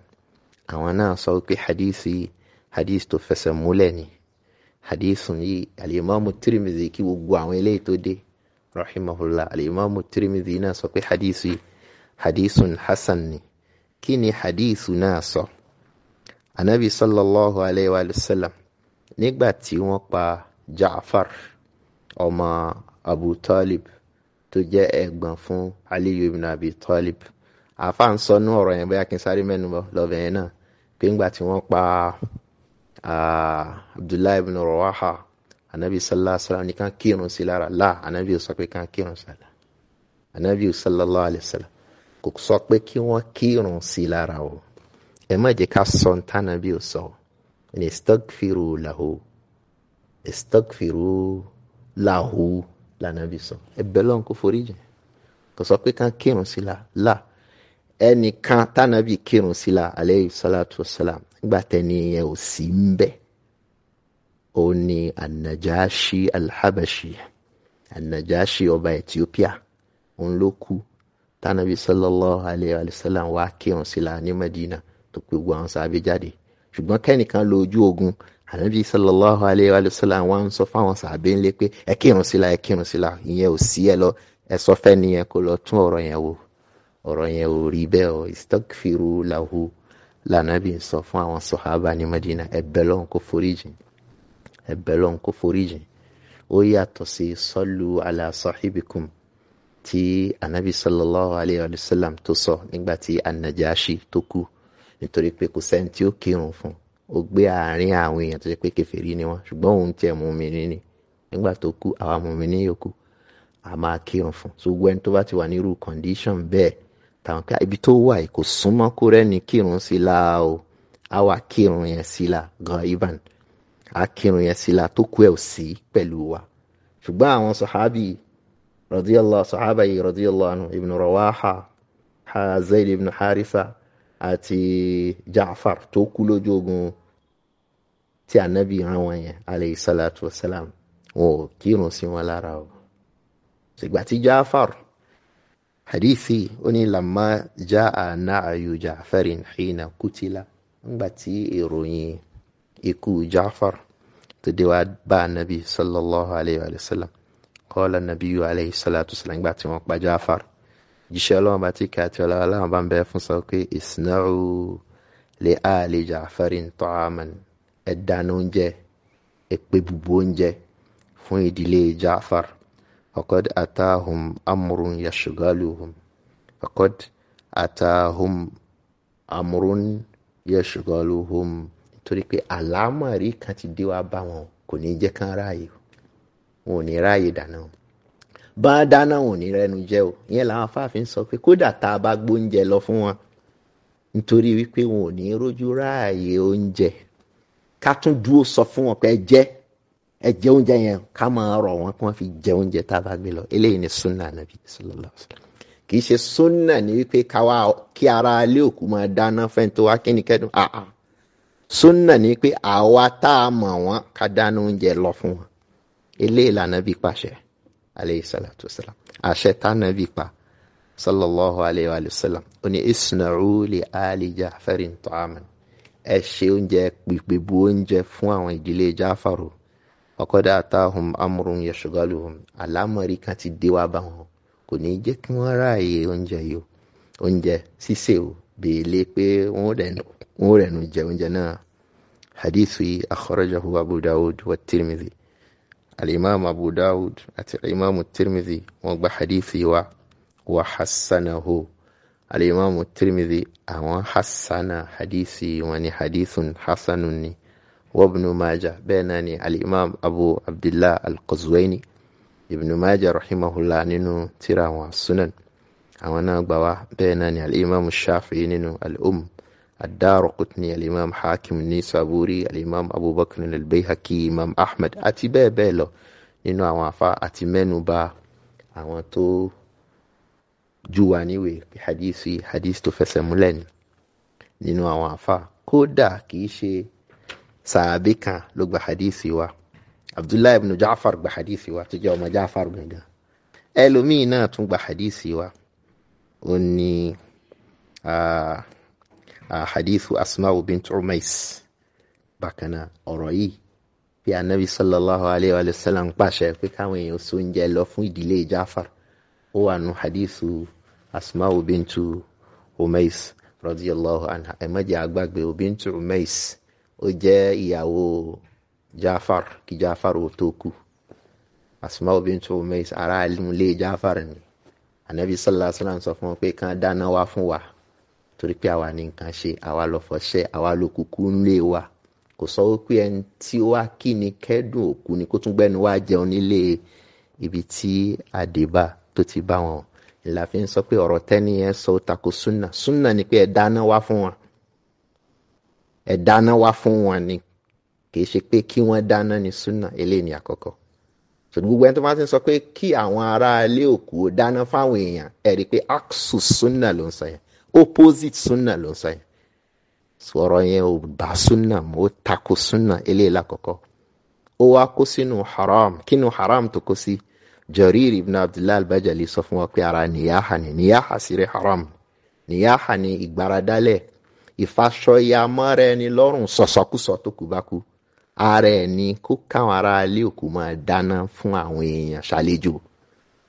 A: àwọn náà sọ pé hadisi hadisi tó fẹsẹ̀ múlẹ̀ ni hadisi yìí al tirimizi kí gbogbo àwọn eléyìí tó dé rahimahullah al tirimizi náà sọ pé hadisi hadisun hasan ni kí ni hadithu náà sọ anabi sallallahu alayhi wa sallam nígbà tí wọ́n pa jaafar ọmọ abu talib tó jẹ́ ẹ̀gbọ́n fún aliyu ibn abi talib àáfàá ń sọ ní ọ̀rọ̀ yẹn bóyá kí n sáré mẹ́nu bọ̀ lọ́bẹ̀ yẹn náà pé ńgbà tí wọ́n pa abdullahi ibn rawaha anabi sallallahu alayhi wa sallam ní kàn kírun anabi ò sọ pé kàn kírun anabi sallallahu alayhi wa kò sọ pé kí wọ́n kírun sí i lára o ẹ má jẹ́ ká sọ ntánà bí o sọ ní istagfiru lahu istagfiru lahu lànà bí sọ ẹ bẹ̀ lọ́n kó forí jìn kò sọ pé kán kírun sí la la ẹnìkan tánà bí kírun sí la aleyhi salatu salam, nígbà tẹ́ni yẹn ò sí ń bẹ̀ ó ní anajashi alhabashi anajashi ọba Ethiopia òun ló kú tánàbí sallallahu alayhi wa sallam wá kírun síla ní Madina tó pé gbogbo àwọn sàbẹ̀ jáde ṣùgbọ́n kẹ́nìkan lo ojú ogun ànábì sallallahu alayhi wa sallam wá ń sọ fáwọn sàbẹ̀ ńlẹ̀ pé ẹ kírun síla ẹ kírun síla ìyẹn ò sí ẹ lọ ẹ sọ fẹ́ nìyẹn kó lọ tún ọ̀rọ̀ yẹn wò ọ̀rọ̀ yẹn ò rí bẹ́ẹ̀ o istagfiru lahu lànàbì ń sọ fún àwọn sọ̀hábà ní Madina ẹ bẹ̀ lọ́hùn kó foríjìn ẹ bẹ̀ lọ́hùn kó foríjìn ó yàtọ̀ sí sallu ala sahibikum tí anabi sallallahu alayhi wa sallam tó sọ nígbà tí anajashi tó kú nítorí pé kò sẹ́ni tí ó kírun fún ó gbé àárín àwọn èèyàn tó ṣe pé kèfèrí ni wọ́n ṣùgbọ́n òun tiẹ̀ mùmínì ni nígbà tó kú àwa mùmínì yòókù a máa kírun fún so gbogbo ẹni tó bá ti wà nírú condition bẹ́ẹ̀ tàwọn ká ibi tó wà kò súnmọ́ kó rẹ́ni kírun sí la o a wà kírun yẹn sí la gan ivan a kírun yẹn sí la tó kú ẹ̀ sí pẹ̀lú wa ṣùgbọ́n àwọn sọ̀hábì radiyallahu sahaba yìí radiyallahu anhu ibn rawaha zayd ibn haritha àti jaafar tó kú lójú ogun tí anabi ran wọn yẹn alayhi salatu wa salam wọn ò kírun sí wọn lára o ṣùgbọ́n àti jaafar hadithi ó ní lamma jaa na'ayu jaafarin hina kutila ńgbà tí ìròyìn ikú jaafar tó dé wá bá anabi alayhi wa sallam kọ́lá nàbíyù aleyhi salatu salam gbà tí wọ́n pa Jafar jíṣẹ́ ọlọ́run bá ti kà á ti ọlọ́run aláwọ̀ bá ń bẹ fún sọ pé isna'u li ali Ja'farin ta'aman ẹ̀dánù oúnjẹ èpè bùbù oúnjẹ fún ìdílé Ja'far ọ̀kọ́d àtàhùn amúrun yashugaluhum ọ̀kọ́d àtàhùn amúrun yashugaluhum torí pé àlámọ̀rí kan ti dé wá bá wọn kò ní jẹ́ kán ráàyè wọn ò ní ráàyè dáná o bá dáná wọn ò ní rẹnu jẹ o ìyẹn làwọn afáàfin sọ pé kódà tá a bá gbóúnjẹ lọ fún wọn nítorí wípé wọn ò ní rójú ráàyè oúnjẹ ká tún dúró sọ fún wọn pé ẹ oúnjẹ yẹn ká máa rọ wọn kí fi jẹ oúnjẹ tá a bá gbé lọ eléyìí ni ṣe ni wípé kí ara òkú máa dáná fẹ́ni tó wá ni pé àwa tá a mọ̀ wọ́n ká dáná eléyìí lànàbí pàṣẹ aleyhi salatu wasalam àṣẹ tànàbí pa sallallahu alayhi wa sallam ó ní isna'u li ali ja'farin ta'aman ẹ ṣe oúnjẹ pípé bu oúnjẹ fún àwọn ìdílé jáfàrò ọkọdà àtàhùn amúrun yẹsùgálùhùn àlámọ̀rí kan ti dé wá bá wọn kò ní jẹ́ kí wọ́n ráàyè oúnjẹ yìí oúnjẹ sísè o bèèlè pé wọ́n rẹ̀nu jẹ oúnjẹ náà hadith yìí akhrajahu abu dawud wa tirmidhi al-imam abu dawud àti al-imam tirmidhi wọ́n gba hadithi wa wa hassanahu al-imam tirmidhi àwọn hassana hadithi wọn ni hadithun hassanun ni وابن ماجه بيناني الإمام أبو عبد الله القزويني ابن ماجه رحمه الله نينو تيرا السنن أو أنا بوا بيناني الإمام الشافعي نينو الأم adáàrọ̀ kùtùnì alimam hakim ní saburi alimam abubakar albayhaki imam ahmed àti bẹ́ẹ̀ bẹ́ẹ̀ lọ nínú àwọn afa àti mẹ́nuba àwọn tó júwa níwèé pé hadith yìí hadith tó fẹsẹ̀ múlẹ̀ ni nínú àwọn afa kódà kìí ṣe sàábì kan ló gba hadith wa abdullahi ibn jaafar gba hadith wa tó jẹ́ ọmọ jaafar gangan ẹlòmíì náà tún gba hadith wa ó ní. Uh, Ah, hadithu asma'u bint umais bákan náà ọ̀rọ̀ yìí bí anabi sallallahu alayhi wa sallam ń pàṣẹ pé káwọn èèyàn so oúnjẹ lọ fún ìdílé jafar ó wà nù hadithu asma'u bint umais radiyallahu anha ẹ má jẹ́ àgbàgbé bint umais ó jẹ́ ìyàwó jafar kí jafar ó tó kú asma'u bint umais ará ilé jafar ni anabi sallallahu alayhi wa sallam sọ fún wọn pé kán dáná wá fún wa torí pé àwa ní nǹkan ṣe àwa lọ fọṣẹ́ àwa ló kúkú ńlé wa kò sọ wípé ẹni tí wá kí ni kẹ́dùn òkú ni kó tún gbẹ́nu wá jẹun nílé ibi tí àdébà tó ti bá wọn ìlà fi ń sọ pé ọ̀rọ̀ tẹ́ni yẹn sọ tako súnà súnà ni pé ẹ dáná wá fún wọn ẹ wá fún wọn ni kì í ṣe pé kí wọ́n dáná ni súnà eléyìí ni àkọ́kọ́ ṣùgbọ́n gbogbo ẹni tó bá ti ń sọ pé kí àwọn ará òkú dáná fáwọn èèyàn ẹ rí i pé aksu súnà ló ń sọ yẹn opposite sunna ló ń sọ yẹn sọ̀rọ̀ yẹn ò bá sunna mọ́ ó sunna eléyìí lákọ̀ọ́kọ́ ó wá kó sínú haram kínú haram tó kó sí Jarir ibn Abdullah al-Bajali sọ fún wa pé ara nìyáha ni niyaha sì rí haram niyaha ni ìgbaradálẹ̀ ìfàṣọyàmọ́ra ẹni lọ́rùn sọ̀sọ́kùsọ tó kù bá kú ara ẹ̀ ni kó káwọn ará ilé òkú máa dáná fún àwọn èèyàn ṣàlejò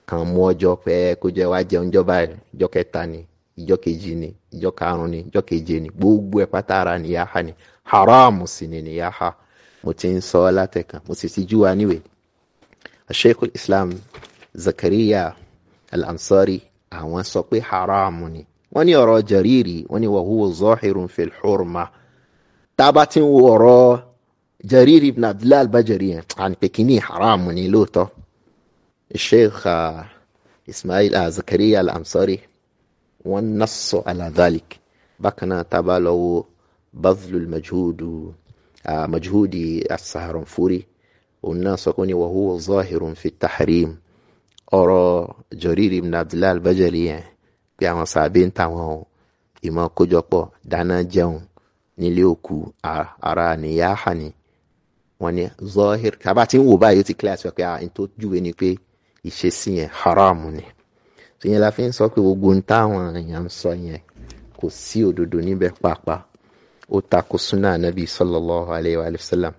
A: kan mú ọjọ́ pẹ́ kó jẹ́ wá jẹun jọba ìjọ kẹta ni ìjọ kejì ni ìjọ karùn-ún ni ìjọ keje ni gbogbo ẹ̀ pátá ara nìyáha ni haramu sì ni nìyáha mo ti ń sọ látẹ̀kàn mo sì ti jú wa níwèé Sheikhul Islam Zakariya Al-Ansari àwọn sọ pé haramu ni wọ́n ní ọ̀rọ̀ Jariri wọ́n ní wa huwa zahirun tába tí ń wo ọ̀rọ̀ Jariri ibn Abdullah al-Bajali yẹn àni pé kí ni haramu ni lóòótọ́ Sheikh uh, Ismail uh, Zakariya Al-Ansari wọ́n nassọ ala dhalik bákan náà tá a bá lọ wo bazlul majhudu majhudi as-Saharanfuri òun náà sọ pé ní wa huwa zahirun fi tahrim ọ̀rọ̀ Jarir ibn Abdullah al-Bajali yẹn pé àwọn sàbẹ̀ ń tàwọn ìmọ̀ kójọpọ̀ dáná jẹun nílé òkú ara nìyáhà ni wọ́n ní zahir tàbá tí ń wò báyìí ó ti kíláàsì pé à ń tó júwe ni pé ìṣesí yẹn haram ni ìyẹn la fi ń sọ pé gbogbo ń táwọn èèyàn ń sọ yẹn kò sí òdodo níbẹ̀ pàápàá ó takò súnà ànábì sallallahu alayhi wa sallam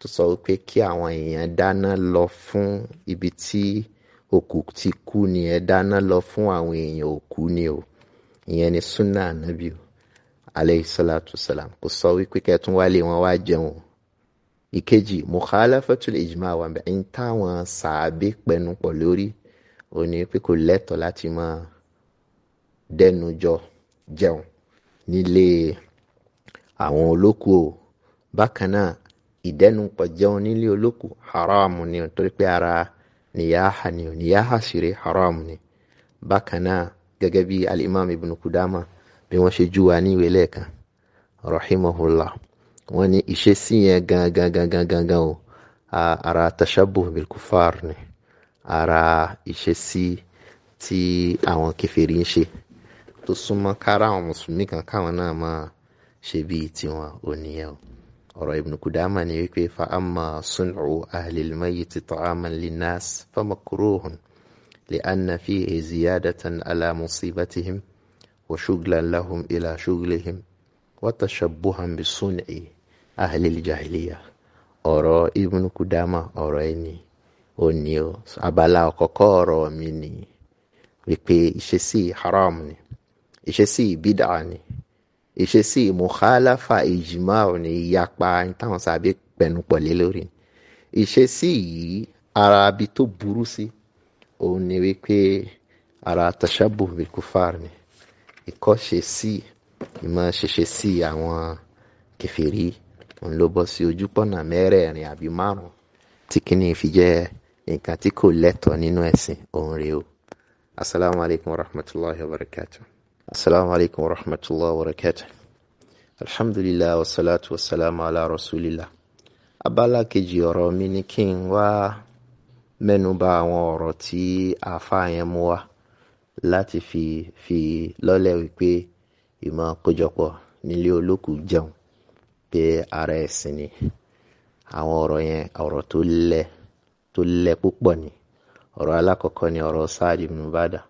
A: tó sọ wípé kí àwọn èèyàn dáná lọ fún ibi tí òkú ti kú ni ẹ dáná lọ fún àwọn èèyàn òkú ni o ìyẹn ni súnà ànábì o alayhi salatu salam kò sọ wípé kẹtún wálé wọn wá jẹun o ìkejì mukhalafatul ijma' wà bẹ́ẹ̀ ń táwọn sàábé pẹnu pọ̀ lórí ó ní pé kò lẹ́tọ̀ọ́ láti máa dẹ́nu jọ jẹun nílé àwọn olókù o bákan náà ìdẹ́nupọ̀ jẹun nílé olókù haramu ni torí pé ara níyàhà ni níyàhà síre haramu ni bákan náà gẹ́gẹ́ bí alimami ibn kudama bí wọ́n ṣe júwa ní ìwé lẹ́ẹ̀kan rahimahullah wọ́n ní ìṣesí yẹn gangan gangan gangan o ara tashabuh bil kufar ni ara ìṣesí tí àwọn kèfèrí ń ṣe tó súnmọ́ kára àwọn mùsùlùmí kan káwọn náà máa ṣe bíi tiwọn ò nìyẹn o ọ̀rọ̀ Ibn Kudama ni wípé fa amma sun'u ahlil mayyiti ta'aman linnas fa makruhun li'anna fihi ziyadatan ala musibatihim wa shuglan lahum ila shuglihim wa tashabbuhan bi sun'i ahlil jahiliya ọ̀rọ̀ Ibn Kudama ọ̀rọ̀ ẹni òní o abala ọ̀kọ̀ọ̀kọ́ ọ̀rọ̀ mi ni wípé ìṣesí haram ni ìṣesí bídà ni ìṣesí mukhalafa ijma ni ìyapa táwọn sábẹ́ pẹ̀nu pọ̀lé lórí ìṣesí yìí ara bi tó burú sí òun ni wípé ara tashabu bil ni ìkọ́ṣe sí ìmọ̀ ṣẹṣẹ sí àwọn kẹfìrí òun ló bọ́ sí ojúpọ̀nà mẹ́rẹ̀ẹ̀rin àbí márùn tí kìíní fi jẹ́ nǹkan tí kò lẹ́tọ̀ọ́ nínú ẹ̀sìn òun rèé o asalaamu alaykum wa rahmatulahi wa barakatu. asalaamu alaykum wa rahmatulahi wa barakatu. alhamdulilah wa salatu wa salamu ala rasulillah. abala kejì ọ̀rọ̀ mi ni kí n wá mẹ́nuba àwọn ọ̀rọ̀ tí àáfàá mú wá láti fi fi lọ́lẹ̀ wípé ìmọ̀ kójọpọ̀ nílé olókù jẹun pé ara ẹ̀sìn ni àwọn ọ̀rọ̀ yẹn ọ̀rọ̀ tó lẹ́ẹ̀ tó lẹ púpọ̀ ni ọ̀rọ̀ alákọ̀ọ́kọ́ ni ọ̀rọ̀ Saad ibn Ubadah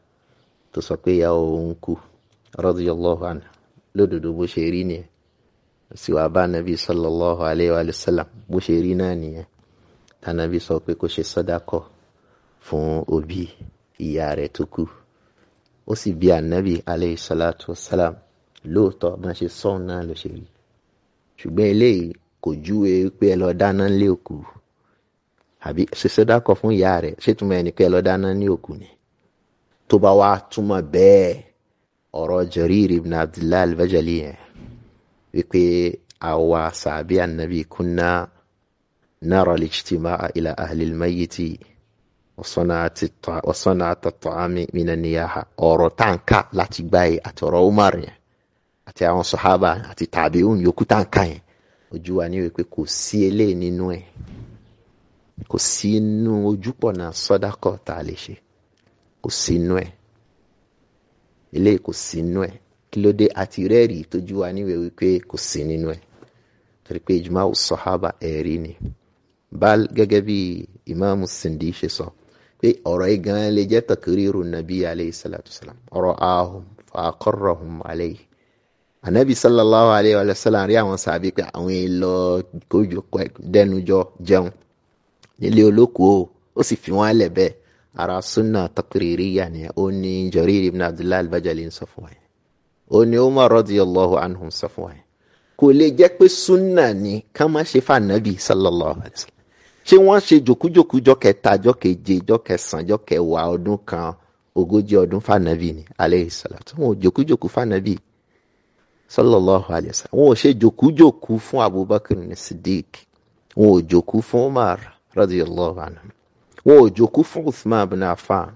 A: tó sọ pé ìyàwó òun kú radiyallahu anha lódodo bó ṣe rí nìyẹn sì wá bá nàbí sallallahu alayhi wa sallam bó ṣe rí náà nìyẹn tànàbí sọ pé kó ṣe sọ́dákọ̀ fún òbí ìyá rẹ̀ tó kú ó sì bí ànábì alayhi salatu wasalam lóòótọ́ bá ṣe sọ́ọ̀n náà ló ṣe rí ṣùgbọ́n eléyìí kò júwe pé ẹ lọ dáná àbí ṣiṣẹ́ dákọ̀ fún ìyá rẹ̀ ṣètùmọ̀ ẹni pé ẹ lọ dáná ní òkú ni tó bá wá túmọ̀ bẹ́ẹ̀ ọ̀rọ̀ Jarir ibn Abdullah al-Bajali yẹn wípé àwa sàbí ànábì kunna nara al-ijtima'a ila ahli al-mayyiti wa sana'ata at-ta'ami min an-niyaha ọ̀rọ̀ táǹkà láti gbáyé àtọ̀rọ̀ Umar yẹn àti àwọn sàhábà àti tàbíùn yòókù táǹkà yẹn ojú wa ní wípé kò sí eléyìí nínú ẹ̀ kò sí inú ojúpọ̀nà sọ́dákọ̀ tá a lè ṣe kò sí inú ẹ̀ eléyìí kò sí inú ẹ̀ kí ló dé àti rẹ́ẹ̀rì tójú wa níwèé wípé kò sí nínú ẹ̀ torí pé ijma sọ̀hábà ẹ̀rí ni bal gẹ́gẹ́ bí ìmáàmù Sindi ṣe sọ pé ọ̀rọ̀ yìí lè jẹ́ takiriru nabi aleyhi salatu salam ọ̀rọ̀ ahum fàákọ̀rọ̀hum aleyhi anabi sallallahu alayhi wa sallam rí àwọn sàbí pé àwọn èèyàn lọ kójú dẹnujọ jẹun nílé olóko o ó sì fi wọn lẹ̀ bẹ́ẹ̀ ara sunna takririya ni ó ní Jarir ibn Abdullah al-Bajali ń sọ fún wa yẹn ó ní Umar radiyallahu anhum sọ fún wa yẹn kò lè jẹ́ pé sunna ni ká má ṣe fà nàbì sallallahu alayhi wa sallam ṣé wọ́n ṣe jòkújòkú jọ́ kẹta jọ́ keje jọ́ kẹsàn-án jọ́ kẹwàá ọdún kan ogójì ọdún fànàbì ni aleyhi salatu wọn ò jòkújòkú fànàbì sallallahu alayhi wa sallam wọn ò ṣe jòkújòkú fún Abubakar ní Siddiq ò jòkú fún Umar radiyallahu anhu wọn ò jókòó fún Uthman bin Affan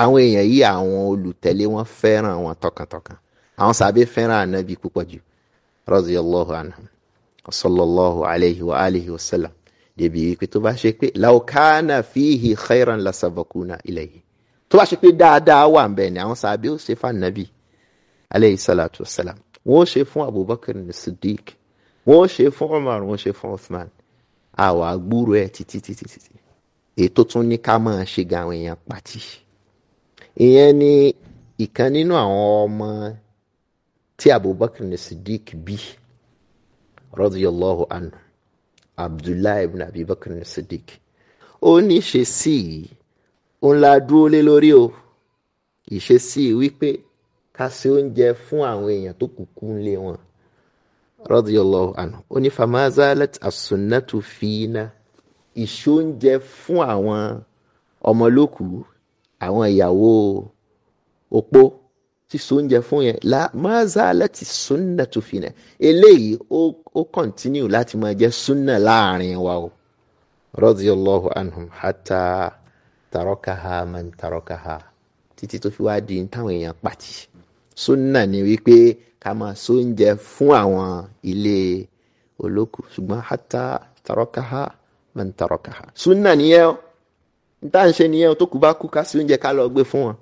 A: àwọn èèyàn yìí àwọn olùtẹ̀lé wọn fẹ́ràn wọn tọkàntọkàn àwọn sàbẹ̀ fẹ́ràn ànábì púpọ̀ jù radiyallahu anhu sallallahu alayhi wa alihi wa sallam débi wípé tó bá ṣe pé law fihi khairan la sabakuna ilayhi tó bá ṣe pé dáadáa wà ń bẹ̀ ni àwọn sàbẹ̀ ó ṣe fún ànábì alayhi salatu wa salam wọ́n ṣe fún Abubakar ni Siddiq wọ́n ṣe fún Umar wọ́n ṣe fún Uthman àwọ̀ àgbúrò ẹ̀ títí títí títí èyí tó tún ní ká máa ṣe ga àwọn èèyàn pàtì ìyẹn ni ìkan nínú àwọn ọmọ tí Abubakar ní bí radiyallahu anhu Abdullahi ibn Abubakar ní Siddiq ó ní ṣe sí i ó ń la dúró lé lórí o ìṣesí wípé ká ṣe oúnjẹ fún àwọn èèyàn tó kúkú ń lé wọn radiyallahu anhu ó ní famazalet asunatu fina ìṣóúnjẹ fún àwọn ọmọlókù àwọn ìyàwó opó sísọ oúnjẹ fún yẹn la mazalet sunnatu fina eléyìí ó kọ́ntínú láti máa jẹ́ sunna láàrin wa o radiyallahu anhum hatta tarakaha man tarakaha títí tó fi wá di táwọn èèyàn pàtì sunna ni wípé ká máa sóúnjẹ fún àwọn ilé olókù ṣùgbọ́n hátà tàrọ́kàhá man tàrọ́kàhá. súnà nìyẹn o níta ń ṣe nìyẹn o tó kú bá kú ká sóúnjẹ ká lọ gbé fún wọn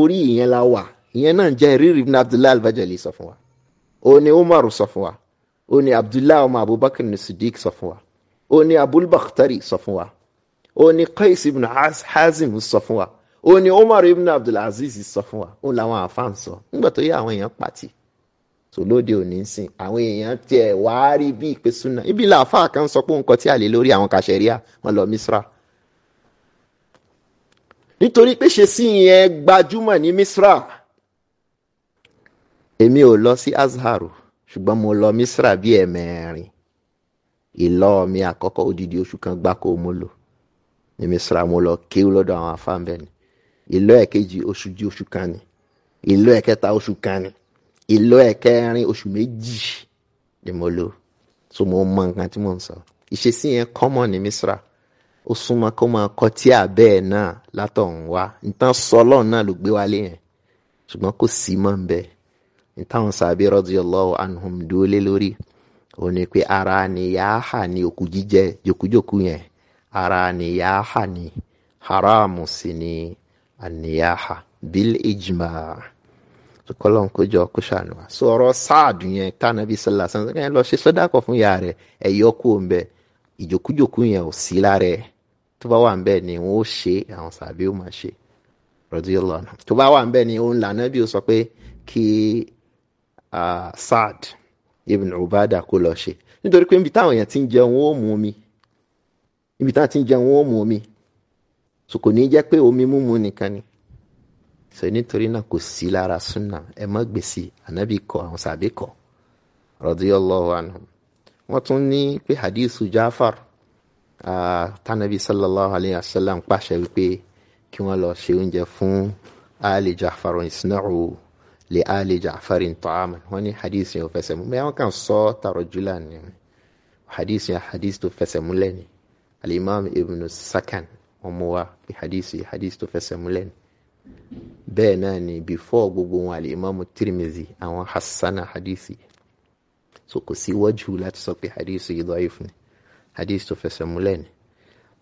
A: orí ìyẹn la wà ìyẹn náà jẹ́ rírì ibn abdullahi al-bajali sọ fún wa ó ní umar sọ fún wa ó ní abdullahi ọmọ abubakar ní siddiq sọ fún wa ó abulbakhtari sọ fún wa ó qais ibn hazim sọ fún wa ó umar ibn abdulaziz sọ fún wa ó làwọn àfáà ń sọ nígbà tó yẹ àwọn èèyàn pàtì so lóde òní ń sìn àwọn èèyàn tiẹ̀ wàá rí bí ìpè súnà ibi làáfà kan sọ pé nǹkan tí a lè lórí àwọn kàṣẹríà wọn lọ misra nítorí pé ṣe sí yẹn gbajúmọ̀ ní misra èmi ò lọ sí azharu ṣùgbọ́n mo lọ misra bíi ẹ̀mẹ̀rin ìlọ mi àkọ́kọ́ odidi oṣù kan gbáko mo lò ní misra mo lọ kéwú lọ́dọ̀ àwọn afáǹbẹ̀ ni ìlọ ẹ̀kejì oṣù di oṣù kan ni ìlọ ẹ̀kẹta oṣù kan ni ìlọ ẹ̀kẹrin oṣù méjì ni mo so mo mọ nǹkan tí mo ń sọ ìṣesí yẹn ní Misra ó súnmọ́ kó máa kọ tí àbẹ́ ẹ̀ náà wá nǹkan sọ náà ló gbé wálé yẹn kò sí ń bẹ nǹkan sàbí ara ni òkú jíjẹ ara ni haramu bil kọlọ́n kó jọ kó ṣàánú wa so ọ̀rọ̀ sáàdù yẹn tánàbí sọlá sansan yẹn lọ ṣe sọdákọ̀ fún ìyá rẹ̀ ẹ̀yọ́ kó ń ìjòkújòkú yẹn ò sí lára ẹ̀ tó bá wà ń ni wọ́n ó ṣe àwọn sàbí ó máa ṣe rọ̀díyọ́lọ́ ọ̀nà tó bá wà ń ni òun lànà bí ó sọ pé kí Saad ibn Ubada kó lọ ṣe nítorí pé ibi táwọn èèyàn ti ń jẹun ó mu omi ibi táwọn ti ń jẹun ó mu omi so nítorí náà kò sí lára súnà ẹ mọ́ gbèsè ànábì kọ àwọn sàbí kọ radiyallahu anhum wọ́n tún ní pé hadithu Jafar tanabi sallallahu alayhi wa sallam pàṣẹ wípé kí wọ́n lọ ṣe oúnjẹ fún ali Jafar isna'u li ali Jafar ta'aman wọ́n ní hadith yẹn ò fẹsẹ̀ mú bẹ́ẹ̀ wọ́n kàn sọ tàrọ̀jùlá ni hadith yẹn hadith tó fẹsẹ̀ múlẹ̀ ni alimami ibn sakan ọmọ wa hadith yẹn hadith tó fẹsẹ̀ múlẹ̀ ni bẹ́ẹ̀ náà ni before gbogbo wọn alimamu tirimizi àwọn hassana hadisi so kò sí wájú láti sọ pé hadisi yìí da'if ni hadisi tó fẹsẹ̀ múlẹ̀ ni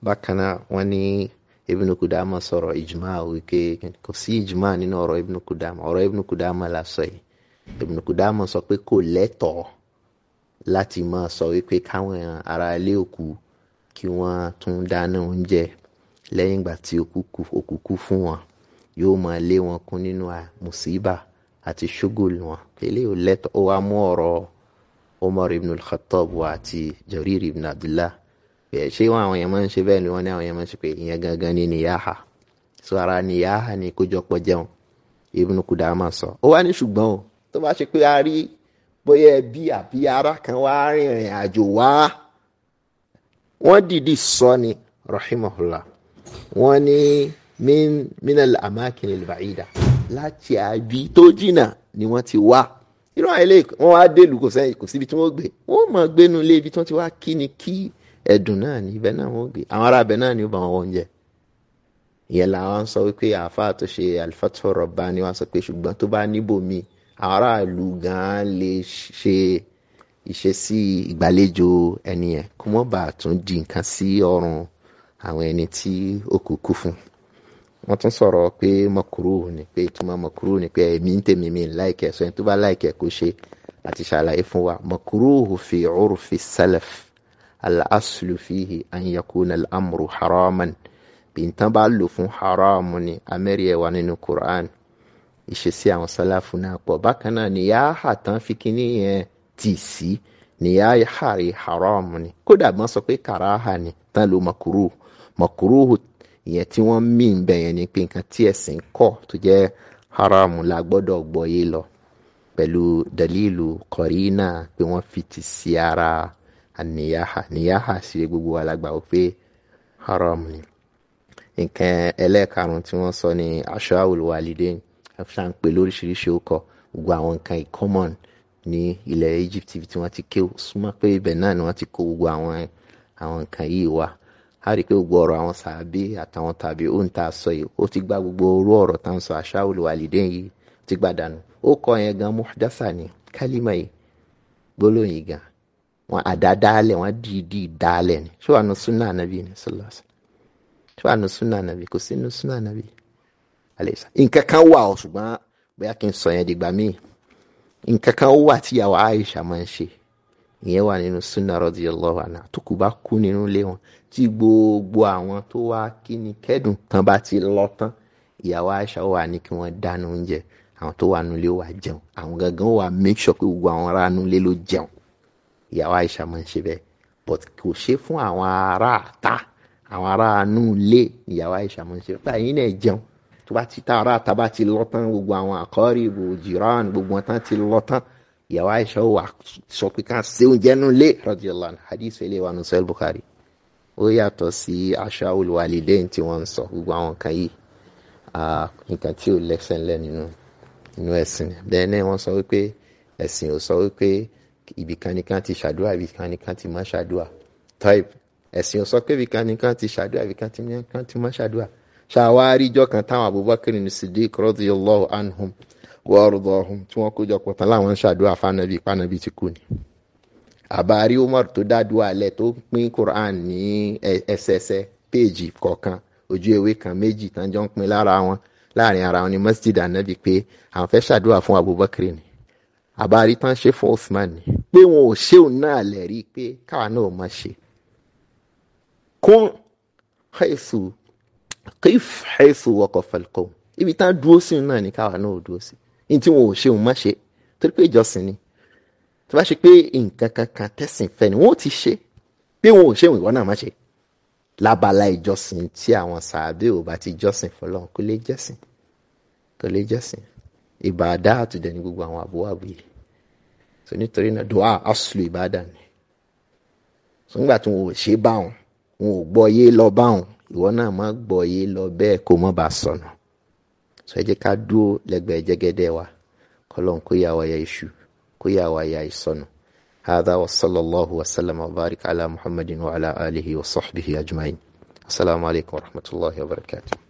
A: bákan náà wọ́n ní ibn kudama sọ̀rọ̀ ijma wípé kò sí ijma nínú ọ̀rọ̀ ibn kudama ọ̀rọ̀ ibn kudama la sọ yìí ibn kudama sọ pé kò lẹ́tọ̀ọ́ láti máa sọ wípé káwọn ará ilé òkú kí wọ́n tún dáná oúnjẹ lẹ́yìn ìgbà tí òkú kú fún wọn yóò máa lé wọn kún nínú àmùsíbà àti ṣúgùl wọn eléyìí ò lẹ́tọ̀ ó wá mú ọ̀rọ̀ Umar ibn al-Khattab wa àti Jarir ibn Abdullah bẹ́ẹ̀ ṣé wọn àwọn yẹn máa ń ṣe bẹ́ẹ̀ ni wọ́n ní àwọn yẹn máa ń ṣe pé ìyẹn gangan ní níyàhà so ara níyàhà ni kójọpọ̀ jẹun Ibn Qudama sọ ó wá ní ṣùgbọ́n o tó bá ṣe pé a rí bóyá ẹbí àbí ara kan wá rìnrìn àjò wá wọ́n dìdí sọ ni rahimahullah wọ́n ní min min al-amakin al-ba'ida láti àbí tó jìnnà ni wọ́n ti wá irú àwọn eléyìí wọ́n wá dèlù kò sẹ́yìn kò síbi tí wọ́n gbé wọ́n mọ̀ gbénu ilé ibi tí wọ́n ti wá kí ni kí ẹ̀dùn náà ní ibẹ̀ náà wọ́n gbé àwọn ará ibẹ̀ náà ní ó bá wọn oúnjẹ ìyẹn làwọn sọ wípé àáfàá tó ṣe al-Fathu Rabbani wọ́n sọ pé ṣùgbọ́n tó bá níbò mi àwọn aráàlú gan-an lè ṣe ìṣesí ìgbàlejò ẹni yẹn kó mọ́ bàa tún di nǹkan sí ọrùn àwọn ẹni tí ó kú kú fún wọ́n tún sọ̀rọ̀ pé mọ̀kúrú ni pé ìtumọ̀ mọ̀kúrú ni pé èmi ń tèmi mi láìkẹ́ sọ ẹni tó bá láìkẹ́ kó ṣe àti ṣàlàyé fún wa mọ̀kúrú fi urfi salaf al-aslu fihi an yakuna al-amru haraman bí n tán bá lò fún haramu ni amẹ́rì ẹ̀ wà nínú Qur'an ìṣesí àwọn sálàfù náà pọ̀ bákan náà ni yáa hà tán fi kíní yẹn tì sí ni yáa hà rí haramu ni kódà gbọ́n sọ pé kàráhà ni tán lo mọ̀kúrú mọ̀kúrú ìyẹn tí wọ́n mì ń bẹ̀ yẹn ni pé nǹkan tí ẹ̀sìn kọ̀ tó jẹ́ haramu la gbọ́dọ̀ gbọ́yé lọ pẹ̀lú dalilu kọ̀rínà pé wọ́n fi ti sí ara àníyáhà níyáhà sí gbogbo alàgbà ó pé haramu ni. nǹkan ẹlẹ́ẹ̀karùn-ún tí wọ́n sọ ni aṣọ àwòlùwàlídé ṣá ń pè lóríṣiríṣi ó kọ gbogbo àwọn nǹkan ìkọ́mọ̀n ní ilẹ̀ Egypt tí wọ́n ti ké súnmọ́ pé ibẹ̀ náà ni wọ́n ti kó gbogbo àwọn nǹkan yìí wá a rí i pé gbogbo ọ̀rọ̀ àwọn sàábé àtàwọn tàbí ó ń ta sọ yìí ó ti gba gbogbo orú ọ̀rọ̀ tá ń sọ àṣàwòlò àlìdé yìí ti gbà dànù ó kọ yẹn gan muhdasa ni kálímà yìí gbólóhùn yìí gan wọn àdádálẹ̀ wọn dìídì dálẹ̀ ni ṣé wàá nu súnà ànábì ni sọlọ́sọ ṣé wàá nu súnà ànábì kò sí nu súnà ànábì àlẹ́sà nǹkan kan wà ọ̀ ṣùgbọ́n bóyá kí n sọ yẹn dìgbà míì nǹkan kan wà tíyàwó Aisha máa ń ṣe ìyẹn wà nínú súnà radiyallahu anha tó bá kú nínú ilé wọn tí gbogbo àwọn tó wá kíni kẹ́dùn tán bá ti lọ tán ìyàwó Aisha wà ní kí wọ́n dáná oúnjẹ àwọn tó wà nulẹ̀ wà jẹun àwọn gangan wà make sure pé gbogbo àwọn ará nulẹ̀ ló jẹun ìyàwó Aisha máa ń ṣe bẹ́ẹ̀ but kò ṣe fún àwọn ará àta àwọn ará nulẹ̀ ìyàwó Aisha máa ń ṣe bẹ́ẹ̀ yín náà jẹun tó bá ti ta ará àta bá ti lọ tán gbogbo àwọn àkọ́rí jiran gbogbo wọn tán ti lọ tán ìyàwó Aisha wà sọ pé ká ṣe oúnjẹ nulẹ̀ radiyallahu anha hadith ilé wa nusayl Bukhari ó yàtọ̀ sí aṣa olùwàlídẹ́yìn tí wọ́n ń sọ gbogbo àwọn kan yìí nǹkan tí ò lẹ́sẹ̀ ńlẹ̀ nínú nínú ẹ̀sìn bẹ́ẹ̀ náà wọ́n sọ wípé ẹ̀sìn ò sọ wípé ibìkan nìkan ti ṣàdúrà ibìkan nìkan ti má ṣàdúrà type ẹ̀sìn ò sọ pé ibìkan nìkan ti ṣàdúrà ibìkan nìkan ti má ṣàdúrà ṣàwárí ìjọ kan táwọn Abubakar ní Siddiq radiyallahu anhum wa ardahum tí wọ́n kó jọ pọ̀ tán láwọn ń ṣàdúrà fánábì pánábì ti kú ni àbárí Umar tó dádúró alẹ́ tó pín Quran ní ẹsẹsẹ péèjì kọ̀ọ̀kan ojú ewé kan méjì tán jọ ń pín lára wọn láàrin ara wọn ni masjid anabi pé àwọn fẹ́ ṣàdúrà fún Abubakar ni àbárí tán ṣe fún Usman ni pé wọn ò ṣéun náà lẹ̀ rí i pé káwa náà ò máa ṣe kún haisu kif haisu wọkọ̀ falcon ibi tán dúró sí náà ni káwa náà ò dúró sí ní tí wọn ò ṣéun má ṣe torí pé ìjọsìn ni tó bá ṣe pé nǹkan kankan tẹ̀sìn fẹ́ ni wọ́n ti ṣe bí wọn ò ṣe ìwọ náà má ṣe lábala ìjọsìn tí àwọn sàábé ò bá ti jọ́sìn fọlọ́run kò lè jẹ́sìn kò lè jẹ́sìn ìbàdá àtúndẹ̀ ní gbogbo àwọn àbúwàbù yìí so nítorí náà dùá aslu ìbàdà ni so nígbà tí wọn ò ṣe báwọn wọn ò gbọ́ yé lọ báwọn ìwọ náà má gbọ́ yé lọ bẹ́ẹ̀ kó má bàa sọnù so ẹ jẹ́ ká dúró lẹ́gbẹ̀ẹ́ jẹ́gẹ́dẹ́ wa kọ́lọ́n kó yà wáyà iṣu. kuyawa yayi sono هذا وصلى الله وسلم وبارك على محمد وعلى آله وصحبه أجمعين السلام عليكم ورحمة الله وبركاته